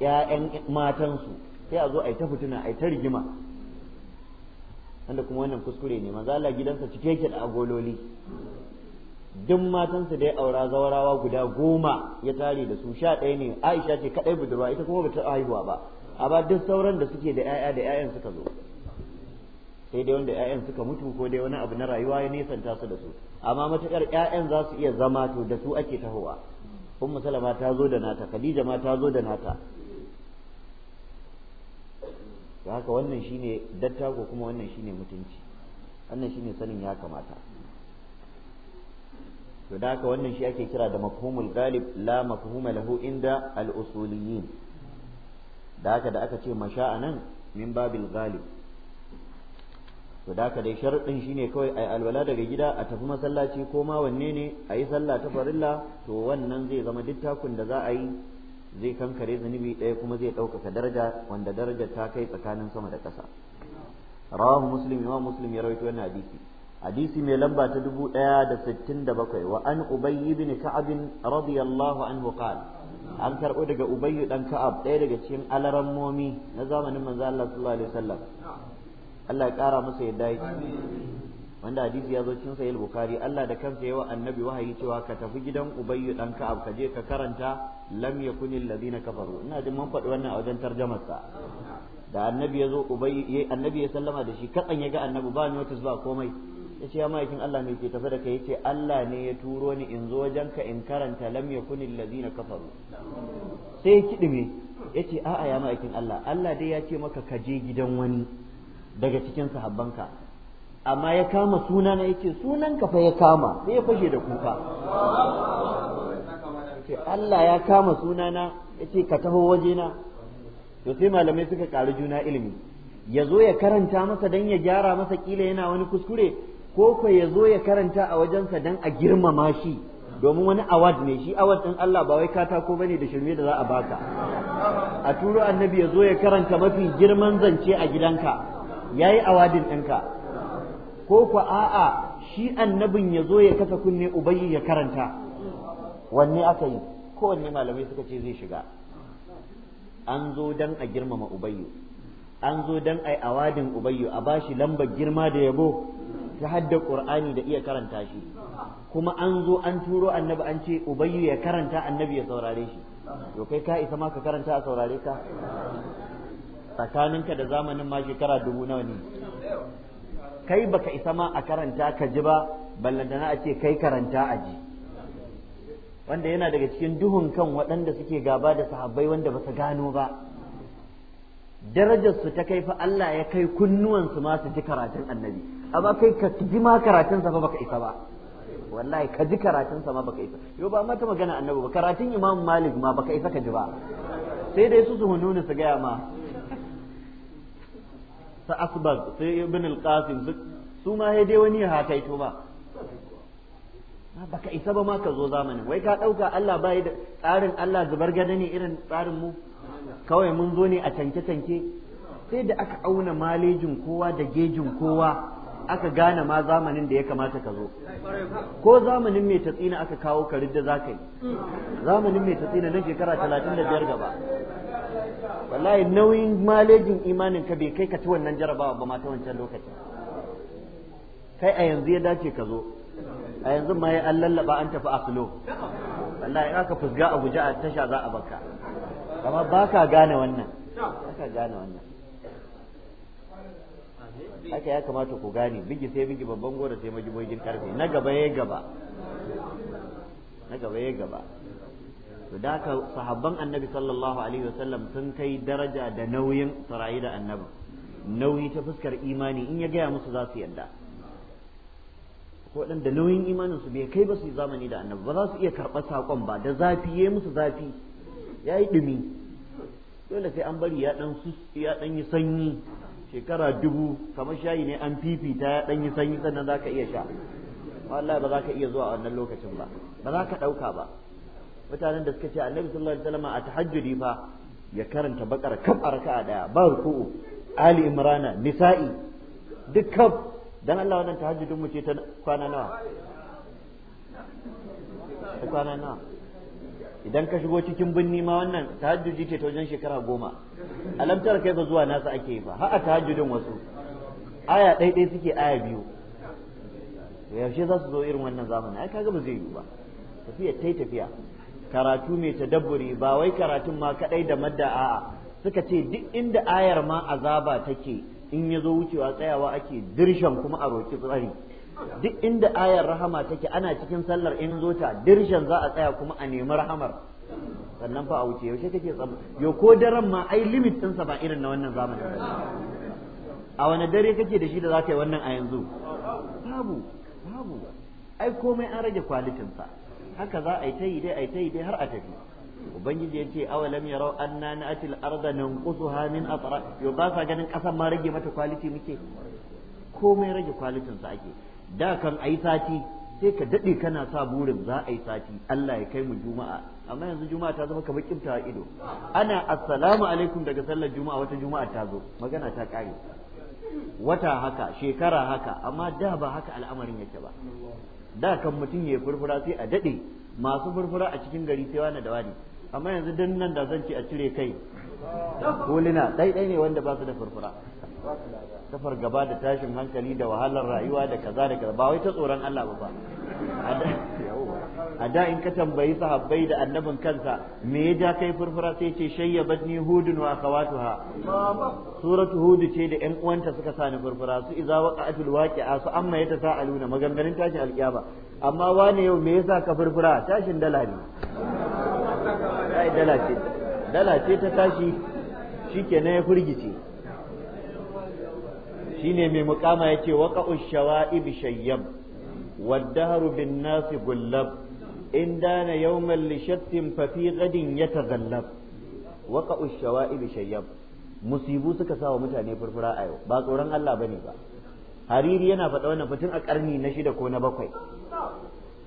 ‘ya'yan matansu sai a zo a yi ta fituna a yi ta rigima wanda kuma wannan kuskure ne maza Allah gidansa cike yake da agololi duk matansa da aura zawarawa guda goma ya tare da su sha ɗaya ne Aisha ce kaɗai budurwa ita kuma bata haihuwa ba amma duk sauran da suke da ‘ya'ya da ‘ya'yan suka zo sai dai wanda ‘ya'yan suka mutu ko dai wani abu na rayuwa ya nesanta su da su amma matuƙar ‘ya'yan za su iya zama to da su ake tahowa ummu salama ta zo da nata khadija ma ta zo da nata haka wannan shine dattako kuma wannan shine mutunci wannan shine sanin ya kamata to da haka wannan shi ake kira da mafhumul galib la mafhuma lahu inda al-usuliyin da haka da aka ce masha'anan min babil galib to da ka dai sharuɗin shine kawai a yi alwala daga gida a tafi masallaci ko ma wanne ne a yi sallah ta farilla to wannan zai zama dittakun da za a yi zai kankare zunubi ɗaya kuma zai ɗaukaka daraja wanda darajar ta kai tsakanin sama da ƙasa rawahu muslim imam muslim ya rawaito wannan hadisi hadisi mai lamba ta dubu ɗaya da sittin da bakwai wa an ubayyi bin ka'ab radiyallahu anhu qala an karɓo daga ubayyu ɗan ka'ab ɗaya daga cikin alarammomi na zamanin manzo Allah sallallahu alaihi wasallam Allah ya ƙara masa yadda yake wanda hadisi ya zo cikin sahih bukhari Allah da kansa yawa annabi wahayi cewa ka tafi gidan ubayyu dan ka'ab ka je ka karanta lam yakunil ladina kafaru ina jin mun faɗi wannan a wajen tarjumar sa da annabi ya zo ubayyu annabi ya sallama da shi kadan ya ga annabi ba ni wata zuwa komai ya ce ya ma'aikin Allah ne ke tafi da kai ce, Allah ne ya turo ni in zo wajen ka in karanta lam yakunil ladina kafaru sai ya kidime ce a'a ya ma'aikin Allah Allah dai ya ce maka ka je gidan wani daga cikin sahabbanka amma ya kama suna na yace sunanka fa ya kama sai ya fashe da kuka ce Allah ya kama sunana yace ka taho wajena to sai malamai suka ƙari juna ilimi ya zo ya karanta masa dan ya gyara masa kila yana wani kuskure ko ko ya zo ya karanta a wajensa dan a girmama shi domin wani award ne shi award din Allah ba wai katako bane da shirme da za a baka a turo annabi ya zo ya karanta mafi girman zance a gidanka yayi awadin ɗinka ko ku a'a shi annabin ya zo ya kasa kunne ubayi ya karanta wanne aka yi kowanne malamai suka ce zai shiga an zo don a girmama ubayyu an zo don a yi awadin ubayyu a bashi lambar girma da yabo ta hadda qur'ani da iya karanta shi kuma an zo an turo annabi an ce ubayyu ya karanta annabi ya saurare shi to kai ka isa ma ka karanta a saurare ka ka da zamanin ma shekara dubu nawa ne kai baka isa ma a karanta ka ji ba ballantana a ce kai karanta a ji wanda yana daga cikin duhun kan waɗanda suke gaba da sahabbai wanda ba su gano ba darajarsu ta kai fa Allah ya kai kunnuwansu ma su ji karatun annabi amma kai ka ji ma karatun fa baka isa ba wallahi ka ji sa ma baka isa yau ba mata magana annabi ba karatun imam malik ma baka isa ka ji ba sai dai su su hununu su gaya ma sa asbar sai ibn al-qasim su ma sai dai wani ya hakaito ba ah, baka isa ba ma ka zo zamanin wai ka ɗauka Allah bai da tsarin Allah zubar gada ne irin tsarin mu kawai mun zo ne a tanke-tanke sai da aka auna malejin kowa da gejin kowa aka gane ma zamanin da ya kamata ka zo ko zamanin mai tatsina aka kawo ka da za ka yi zamanin mai tatsina na shekara talatin da biyar gaba wallahi nauyin malejin imanin ka bai kai ka ci wannan jarabawa ba ma wancan lokaci kai a yanzu ya dace ka zo a yanzu ma ya an lallaba an tafi aflo wallahi aka fusga a guji a tasha za a baka amma ba ka gane wannan ba ka gane wannan haka ya kamata ku gane bigi sai bigi babban gora sai majibogin karfe na gaba ya gaba na gaba ya gaba to da haka sahabban annabi sallallahu alaihi wasallam sun kai daraja da nauyin sarayi da annabi nauyi ta fuskar imani in ya gaya musu za su yadda da nauyin imanin su bai kai ba su zamani da annabi ba za su iya karɓar saƙon ba da zafi ya yi musu zafi ya yi ɗumi dole sai an bari ya ɗan yi sanyi shekara dubu kamar shayi ne an fifita ya ɗanyi sanyi sannan za ka iya sha wallahi ba za ka iya zuwa wannan lokacin ba ba za ka ɗauka ba mutanen da suka ce annabi sallallahu alaihi wasallam a tahajjudi fa ya karanta bakara kaf a raka'a daya ba ruku'u ali imrana nisa'i duk kaf dan Allah wannan tahajjudin mu ce ta kwana nawa kwana nawa idan ka shigo cikin binni ma wannan tahajjudi ce ta wajen shekara goma alamtar kai ba zuwa nasa ake yi ba har a tahajjudin wasu aya ɗaiɗai suke aya biyu to yaushe za su zo irin wannan zamanin ai kaga ba zai yiwu ba tafiya yi tafiya karatu mai tadabburi ba wai karatun ma kadai da madda a'a suka ce duk inda ayar ma azaba take in ya zo wucewa tsayawa ake dirshan kuma a roki tsari duk inda ayar rahama take ana cikin sallar in zo ta za a tsaya kuma a nemi rahamar sannan fa a wuce yaushe take tsamu yo ko daren ma ai limit ɗinsa ba irin na wannan zamanin a wani dare kake da shi da za ta yi wannan a yanzu babu babu ai komai an rage kwalitinsa haka za a yi ta yi dai a yi ta yi dai har a tafi ubangiji ya ce awalam yarau anna na'ati al-arda nanqusuha min atra yo ba ganin kasan ma rage mata kwaliti muke komai rage kwalitinsa ake da kan ayi sati sai ka daɗe kana sa burin za a yi sati Allah ya kai mu juma'a amma yanzu juma'a ta zama kamar kimta ido ana assalamu alaikum daga sallar juma'a wata juma'a ta zo magana ta kare wata haka shekara haka amma da ba haka al'amarin yake ba da kan mutum ya furfura sai a daɗe masu furfura a cikin gari sai wani da amma yanzu dan nan da zan ce a cire kai kolina ɗai ɗai ne wanda ba su da furfura Kafar gaba da tashin hankali da wahalar rayuwa da kaza da kaza ba wai ta tsoron Allah ba a da in ka tambayi sahabbai da annabin kansa me ya ja kai furfura sai ce shayyabat ni hudun wa akhawatuha suratu hud ce da ƴan uwanta suka sa ni furfura su idza waqa'atul waqi'a su amma yata sa'aluna maganganun tashin alkiyama amma wane yau me yasa ka furfura tashin dala ne dala ce dala ce ta tashi shikenan ya furgice shine mai mukama yace ushawa'i bi shayyab wad-dahru bin-nas gullab in dana yawmal li shattin fa fi yatazallab yataghallab ushawa'i bi shayyab musibu suka sawa mutane furfura a yau ba tsoron Allah bane ba hariri yana faɗa wannan fitin a karni na shida ko na bakwai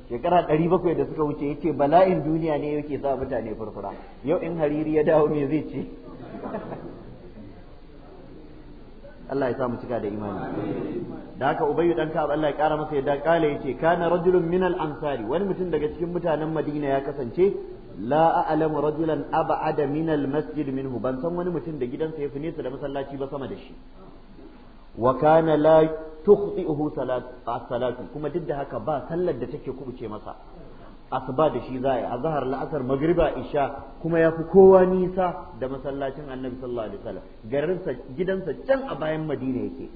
shekara ɗari bakwai da suka wuce yace bala'in duniya ne yake sa mutane furfura yau in hariri ya dawo me zai ce Allah ya sa mu cika da imani da haka ubayyu dan ka'ab Allah ya kara masa yadda kale yace kana rajulun min al ansari wani mutum daga cikin mutanen Madina ya kasance la a'lamu rajulan ab'ada min al masjid minhu ban san wani mutum da gidansa ya fi nesa da masallaci ba sama da shi wa kana la tukhti'uhu salatu kuma duk da haka ba sallar da take kubuce masa asuba da shi za a yi azhar la'asar magriba isha kuma ya fi kowa nisa da masallacin annabi sallallahu alaihi wasallam garinsa gidansa can a bayan madina yake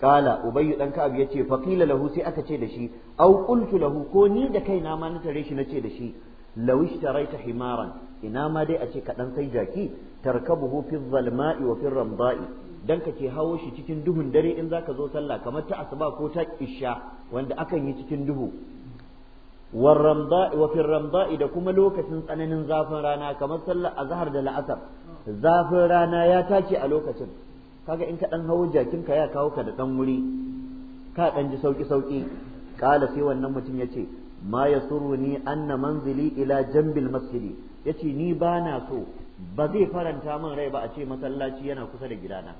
kala ubayyu dan ka'ab yace faqila lahu sai aka ce da shi au qultu lahu ko ni da kaina ma na tare shi nace da shi law ishtaraita himaran ina ma dai a ce ka dan sai jaki tarkabuhu fi zalma'i wa fi ramda'i dan ka ce hawo shi cikin duhun dare in zaka zo sallah kamar ta asuba ko ta isha wanda akan yi cikin duhu wafin ramda'i da kuma lokacin tsananin zafin rana kamar sallar azhar da la'asar zafin rana ya take a lokacin kaga in ka dan hawo jakinka ya kawo ka da dan wuri ka dan ji sauki sauki kala sai wannan mutum yace ma yasuruni anna manzili ila jambil masjidi yace ni ba na so ba zai faranta min rai ba a ce masallaci yana kusa da gidana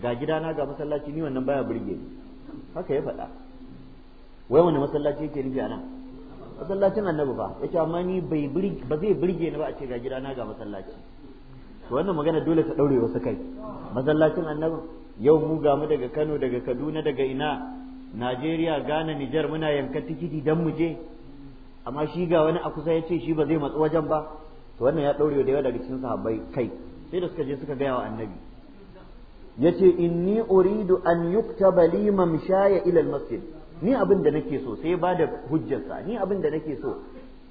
ga gidana ga masallaci ni wannan baya burge haka ya faɗa wai wani masallaci yake rufe a nan masallacin annabi ba yace amma ni ba zai birge ni ba a ce ga gidana ga masallaci to wannan magana dole ta daure wasu kai masallacin annabi yau mu ga mu daga Kano daga Kaduna daga ina Najeriya Ghana Niger muna yanka tikiti dan mu je amma shi ga wani a kusa yace shi ba zai matsu wajen ba to wannan ya daure da yawa daga cikin sahabbai kai sai da suka je suka gaya wa annabi yace inni uridu an yuktaba li shaya ila al-masjid ni abin da nake so sai ba da hujjarsa ni abin da nake so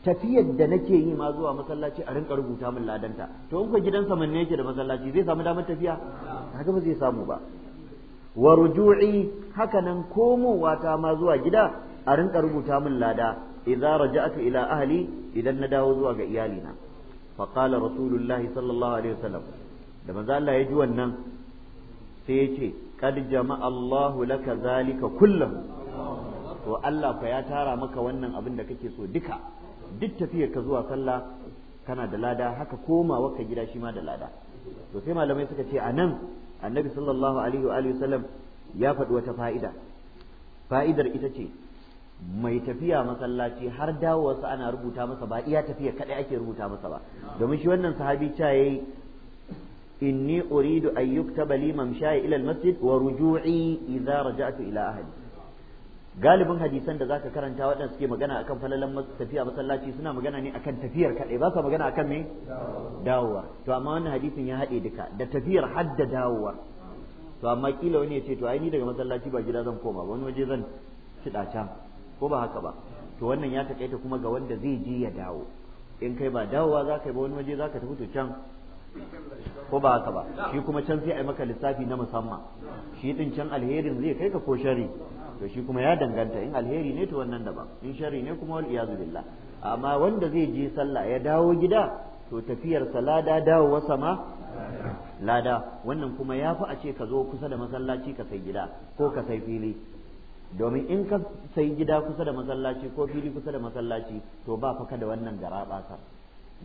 tafiyar da nake yi ma zuwa masallaci a rinka rubuta min ladanta to in gidan sama manne yake da masallaci zai samu damar tafiya kaga ba zai samu ba wa ruju'i hakanan komowa ta ma zuwa gida a rinka rubuta min lada idza raja'tu ila ahli idan na dawo zuwa ga iyalina fa qala rasulullahi sallallahu alaihi wasallam da manzo Allah ya ji wannan sai ya ce qad jama'a Allahu laka zalika kullahu to Allah fa ya tara maka wannan abin da kake so duka duk tafiyar ka zuwa sallah kana da lada haka komawa ka gida shi ma da lada to sai malamai suka ce anan annabi sallallahu alaihi wa alihi wasallam ya faɗi wata fa'ida fa'idar ita ce mai tafiya masallaci har dawowarsa ana rubuta masa ba iya tafiya kadai ake rubuta masa ba domin shi wannan sahabi cha yayi inni uridu an yuktaba li mamshaya ila almasjid wa ruju'i idza raja'tu ila ahli galibin hadisan da zaka karanta waɗanda suke magana akan falalan tafiya masallaci suna magana ne akan tafiyar kaɗai ba su magana akan me dawowa to amma wannan hadisin ya haɗe duka da tafiyar har da dawowa to amma kila wani ya ce to ai ni daga masallaci ba gida zan koma ba wani waje zan kiɗa can ko ba haka ba to wannan ya takaita kuma ga wanda zai je ya dawo in kai ba dawowa zaka yi ba wani waje zaka tafi to can ko ba haka ba shi kuma can sai a maka lissafi na musamman shi din can alherin zai kai ka ko shari to shi kuma ya danganta in alheri ne to wannan daban in shari ne kuma wal iyazu billah amma wanda zai je sallah ya dawo gida to tafiyar salada wasa ma. lada wannan kuma ya fi a ce ka zo kusa da masallaci ka sai gida ko ka sai fili domin in ka sai gida kusa da masallaci ko fili kusa da masallaci to ba ka da wannan garabasa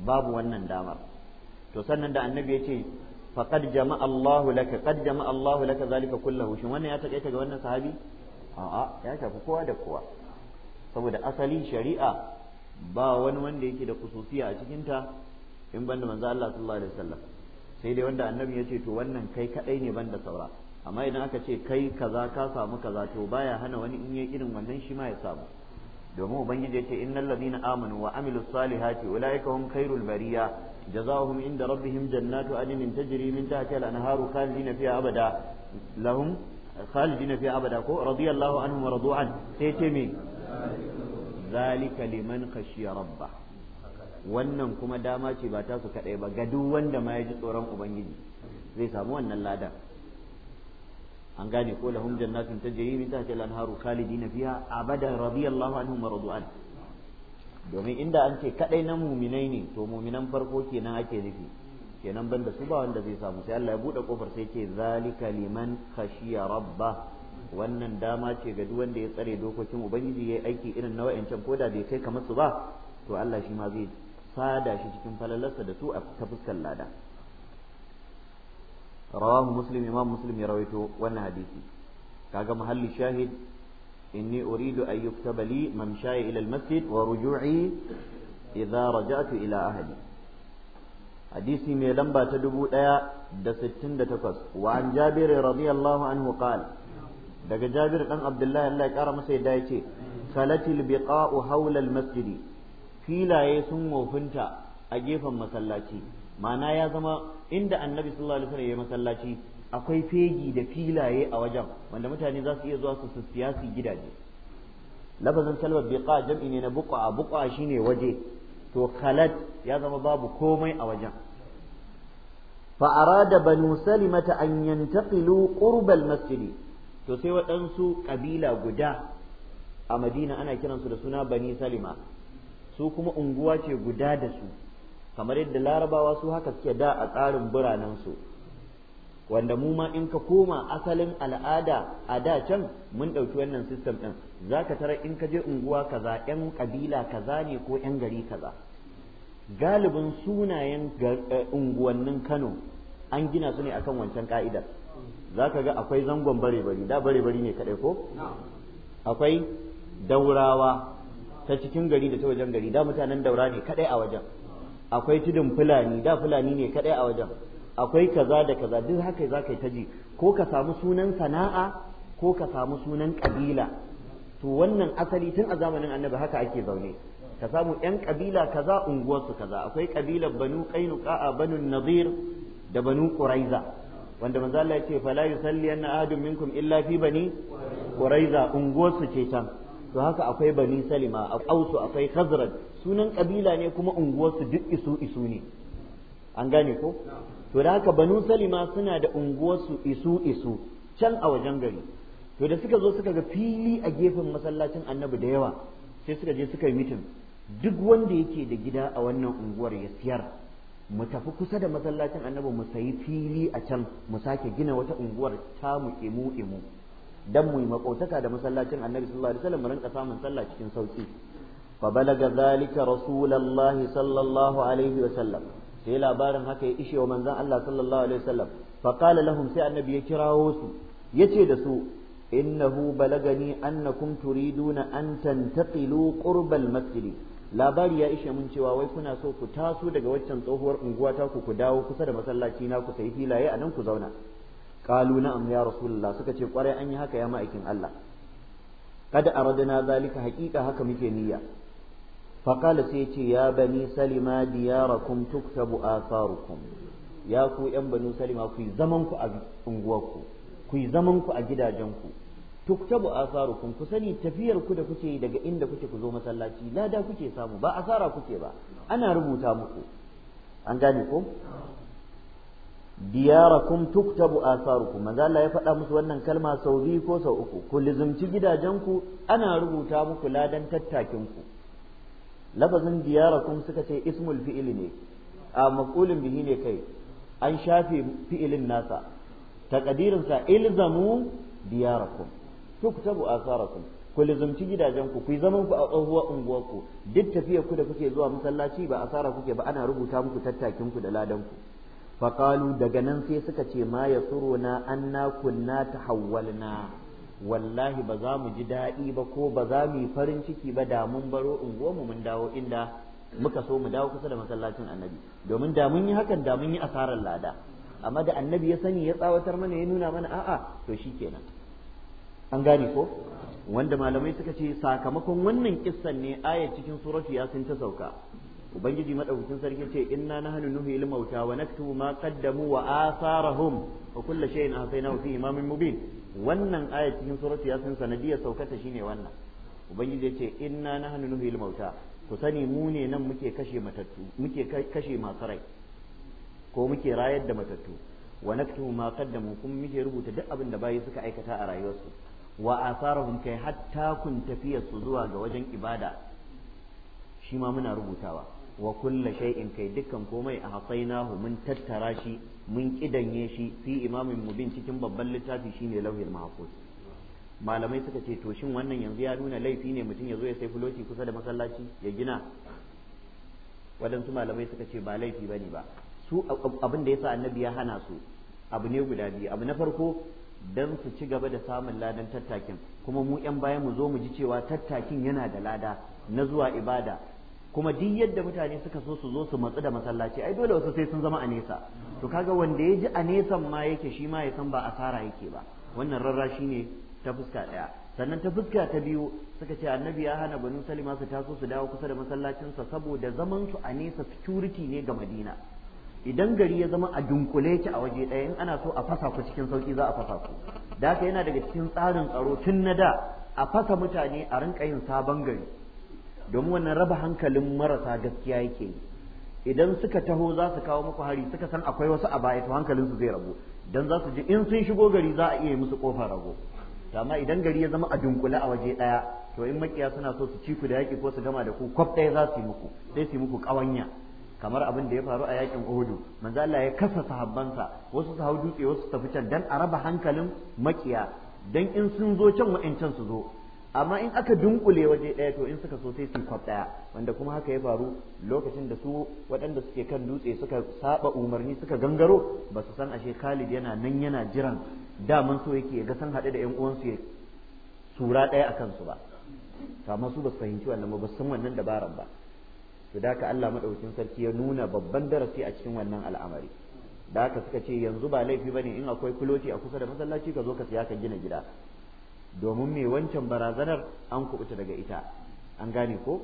babu wannan damar to sannan da annabi ya ce faqad jama'a Allahu laka qad jama'a Allahu laka zalika kullahu shin wannan ya takaita ga wannan sahabi a'a ya shafi kowa da kowa saboda asalin shari'a ba wani wanda yake da kususiya a cikinta in banda manzo Allah sallallahu alaihi wasallam sai dai wanda annabi ya ce to wannan kai kadai ne banda saura amma idan aka ce kai kaza ka samu kaza to baya hana wani in yi irin wannan shi ma ya samu domin ubangiji ya ce innal ladina amanu wa amilus salihati ulaika hum khairul bariya جزاؤهم عند ربهم جنات عدن تجري من تحتها الأنهار خالدين فيها أبدا لهم خالدين فيها أبدا رضي الله عنهم ورضوا عنه سيتمي ذلك لمن خشي ربه wannan kuma dama ce ba ta su kaɗai ba ga duk wanda ma ya ji tsoron ubangiji zai samu wannan ladan an gane ko lahum jannatin tajri min tahtiha al-anharu khalidina fiha abadan radiyallahu anhum wa radu'an domin inda an ce kadai na muminai ne to muminan farko kenan ake nufi kenan banda su ba wanda zai samu sai Allah ya bude kofar sai ce zalika liman khashiya rabba wannan dama ce ga duk wanda ya tsare dokokin ubangiji yayi aiki irin na wayancan ko da bai kai kamar su ba to Allah shi ma zai sada shi cikin falalarsa da su a ta fuskar lada rawahu muslim imam muslim ya rawaito wannan hadisi kaga muhalli shahid إني أريد أن يكتب لي ممشاي إلى المسجد ورجوعي إذا رجعت إلى أهلي حديثي من لمبا تدبو آية دا ستين دا تقص وعن جابر رضي الله عنه قال دق جابر بن عبد الله الله يكارى مسيح دايتي خلت البقاء حول المسجد فيلا يسم وفنتا أجيفا مسلاتي معناه يا زما عند النبي صلى الله عليه وسلم مسلاتي akwai fegi da filaye a wajen wanda mutane za su iya zuwa su siya su gidaje lafazin kalmar biqa jam'i ne na buqa buqa shine waje to khalat ya zama babu komai a wajen fa da banu salimata an yantaqilu qurba masjid to sai waɗansu ƙabila guda a madina ana kiransu da suna bani salima su kuma unguwa ce guda da su kamar yadda larabawa su haka suke da a tsarin biranensu wanda mu ma in ka koma asalin al'ada a da can mun ɗauki wannan system ɗin za ka tara in ka je unguwa kaza 'yan ƙabila kaza ne ko 'yan gari kaza galibin sunayen eh, unguwannin kano an gina su ne akan wancan ka'idar za ka ga akwai zangon bare bari da bare bari ne kaɗai ko akwai daurawa ta cikin gari da ta wajen gari da mutanen daura ne kaɗai a wajen akwai tudun fulani da fulani ne kaɗai a wajen akwai kaza da kaza duk haka za ka yi ta ji ko ka samu sunan sana'a ko ka samu sunan ƙabila to wannan asali tun a zamanin annabi haka ake zaune ka samu yan ƙabila kaza unguwarsu kaza akwai ƙabilar banu a banu nazir da banu quraiza wanda manzo Allah ya ce fala yusalli anna ahadun minkum illa fi bani ƙuraiza unguwarsu ce can to haka akwai bani salima a ausu akwai khazraj sunan ƙabila ne kuma unguwarsu duk isu isu ne an gane ko to da haka banu salima suna da unguwarsu isu isu can a wajen gari to da suka zo suka ga fili a gefen masallacin annabi da yawa sai suka je suka yi mitin duk wanda yake da gida a wannan unguwar ya siyar mu tafi kusa da masallacin annabi mu sayi fili a can mu sake gina wata unguwar ta mu imu imu dan mu yi makautaka da masallacin annabi sallallahu alaihi wasallam mu rinka samun sallah cikin sauki fa balaga zalika rasulullahi sallallahu alaihi wasallam sai labarin haka ya ishe wa manzan Allah sallallahu alaihi wasallam fa lahum sai annabi ya kirawo su yace da su innahu balagani annakum turiduna an tantaqilu qurbal masjid labari ya ishe mun cewa wai kuna so ku taso daga waccan tsohuwar unguwa ta ku ku dawo kusa da masallaci na ku sai filaye a nan ku zauna qalu na'am ya rasulullah suka ce kwarai an yi haka ya ma'aikin Allah kada aradna zalika haqiqa haka muke niyya faƙala sai ce ya bani salima diyarakum tuktabu atharukum ya ku yan bani salima ku yi zaman ku a unguwarku ku yi zaman ku a gidajenku tuktabu atharukum ku sani tafiyar ku da kuke daga inda kuke ku zo masallaci lada kuke samu ba asara kuke ba ana rubuta muku an gane ko diyarakum tuktabu atharukum manzo Allah ya faɗa musu wannan kalma sau biyu ko sau uku ku lizumci gidajenku ana rubuta muku ladan tattakin ku lafazin diyarakum suka ce ismul fi'ili ne a maf'ulin bihi ne kai an shafe fi'ilin nasa taqdirin sa ilzamu diyarakum tuktabu asarakum ku lizumci gidajen ku ku zaman ku a tsohuwa unguwar ku duk tafiyar ku da kuke zuwa masallaci ba asara kuke ba ana rubuta muku tattakin ku da ladan ku faqalu daga nan sai suka ce ma yasuruna anna kunna tahawwalna wallahi ba za mu ji daɗi ba ko ba za mu yi farin ciki ba da mun baro unguwarmu mun dawo inda muka so mu dawo kusa da masallacin annabi domin da mun yi hakan da mun yi asarar lada amma da annabi ya sani ya tsawatar mana ya nuna mana a'a to shi kenan. an gane ko wanda malamai suka ce sakamakon wannan kissan ne ayar cikin suratu yasin ta sauka ubangiji madaukakin sarki ce inna nahnu nuhyil mauta wa naktubu ma qaddamu wa asarahum wa kullu shay'in ahsaynahu fi imamin mubin wannan aya cikin suratu yasin sanadiyar saukata shine wannan ubangiji ya ce inna nahnu nuhil mauta ku sani mu ne nan muke kashe matattu muke kashe masu rai ko muke rayar da matattu wa naktubu ma qaddamu kun muke rubuta duk abin da bayi suka aikata a rayuwarsu wa asarahum kai hatta kun tafiyarsu zuwa ga wajen ibada shi ma muna rubutawa wa kulla shay'in kai dukkan komai a hasainahu mun tattara shi mun kidanye shi fi imamin mubin cikin babban littafi shine lauhil mahfuz malamai suka ce to shin wannan yanzu ya nuna laifi ne mutum ya zo ya sai fuloti kusa da masallaci ya gina waɗansu malamai suka ce ba laifi bane ba su abin da sa annabi ya hana su abu ne guda biyu abu na farko dan su ci gaba da samun ladan tattakin kuma mu yan bayan mu zo mu ji cewa tattakin yana da lada na zuwa ibada kuma duk yadda mutane suka so su zo su matsu da masallaci ai dole wasu sai sun zama a nesa to kaga wanda ya ji a nesan ma yake shi ma ya san ba asara yake ba wannan rarra shi ne ta fuska ɗaya sannan ta fuska ta biyu suka ce annabi ya hana banu salima su taso su dawo kusa da masallacinsa saboda zaman su a nesa security ne ga madina idan gari ya zama a dunkule yake a waje ɗaya in ana so a fasa ku cikin sauki za a fasa ku da haka yana daga cikin tsarin tsaro tun na da a fasa mutane a rinka yin sabon gari domin wannan raba hankalin marasa gaskiya yake yi idan suka taho za su kawo muku hari suka san akwai wasu a baya to hankalinsu zai rabu dan za su ji in sun shigo gari za a iya yi musu kofar rago to amma idan gari ya zama a dunkule a waje daya to in makiya suna so su ci ku da yaki ko su gama da ku kwaf daya za su yi muku sai su yi muku kawanya kamar abin da ya faru a yakin Uhudu manzo Allah ya kasa sahabbansa wasu su hau dutse wasu su tafi can dan a raba hankalin makiya dan in sun zo can wa'ancan su zo amma in aka dunkule waje ɗaya to in suka so sai su kwab ɗaya wanda kuma haka ya faru lokacin da su waɗanda suke kan dutse suka saba umarni suka gangaro ba su san ashe Khalid yana nan yana jiran daman so yake ga san haɗe da ƴan uwansu ya sura ɗaya a kansu ba to amma su ba su fahimci wannan ba ba san wannan dabaran ba to da haka Allah madaukakin sarki ya nuna babban darasi a cikin wannan al'amari da haka suka ce yanzu ba laifi bane in akwai kuloti a kusa da masallaci ka zo ka siya ka gina gida domin me wancan barazanar an kubuta daga ita an gane ko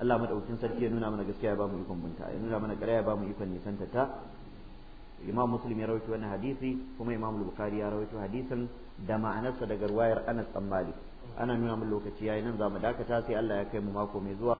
Allah madaukin sarki ya nuna mana gaskiya ya bamu ikon binta ya nuna mana ƙarya ya bamu ikon nisanta ta Imam Muslim ya rawaito wannan hadisi kuma Imam Bukhari ya rawaito hadisin da ma'anarsa daga ruwayar Anas bin ana nuna min lokaci yayi nan zamu dakata sai Allah ya kai mu mako mai zuwa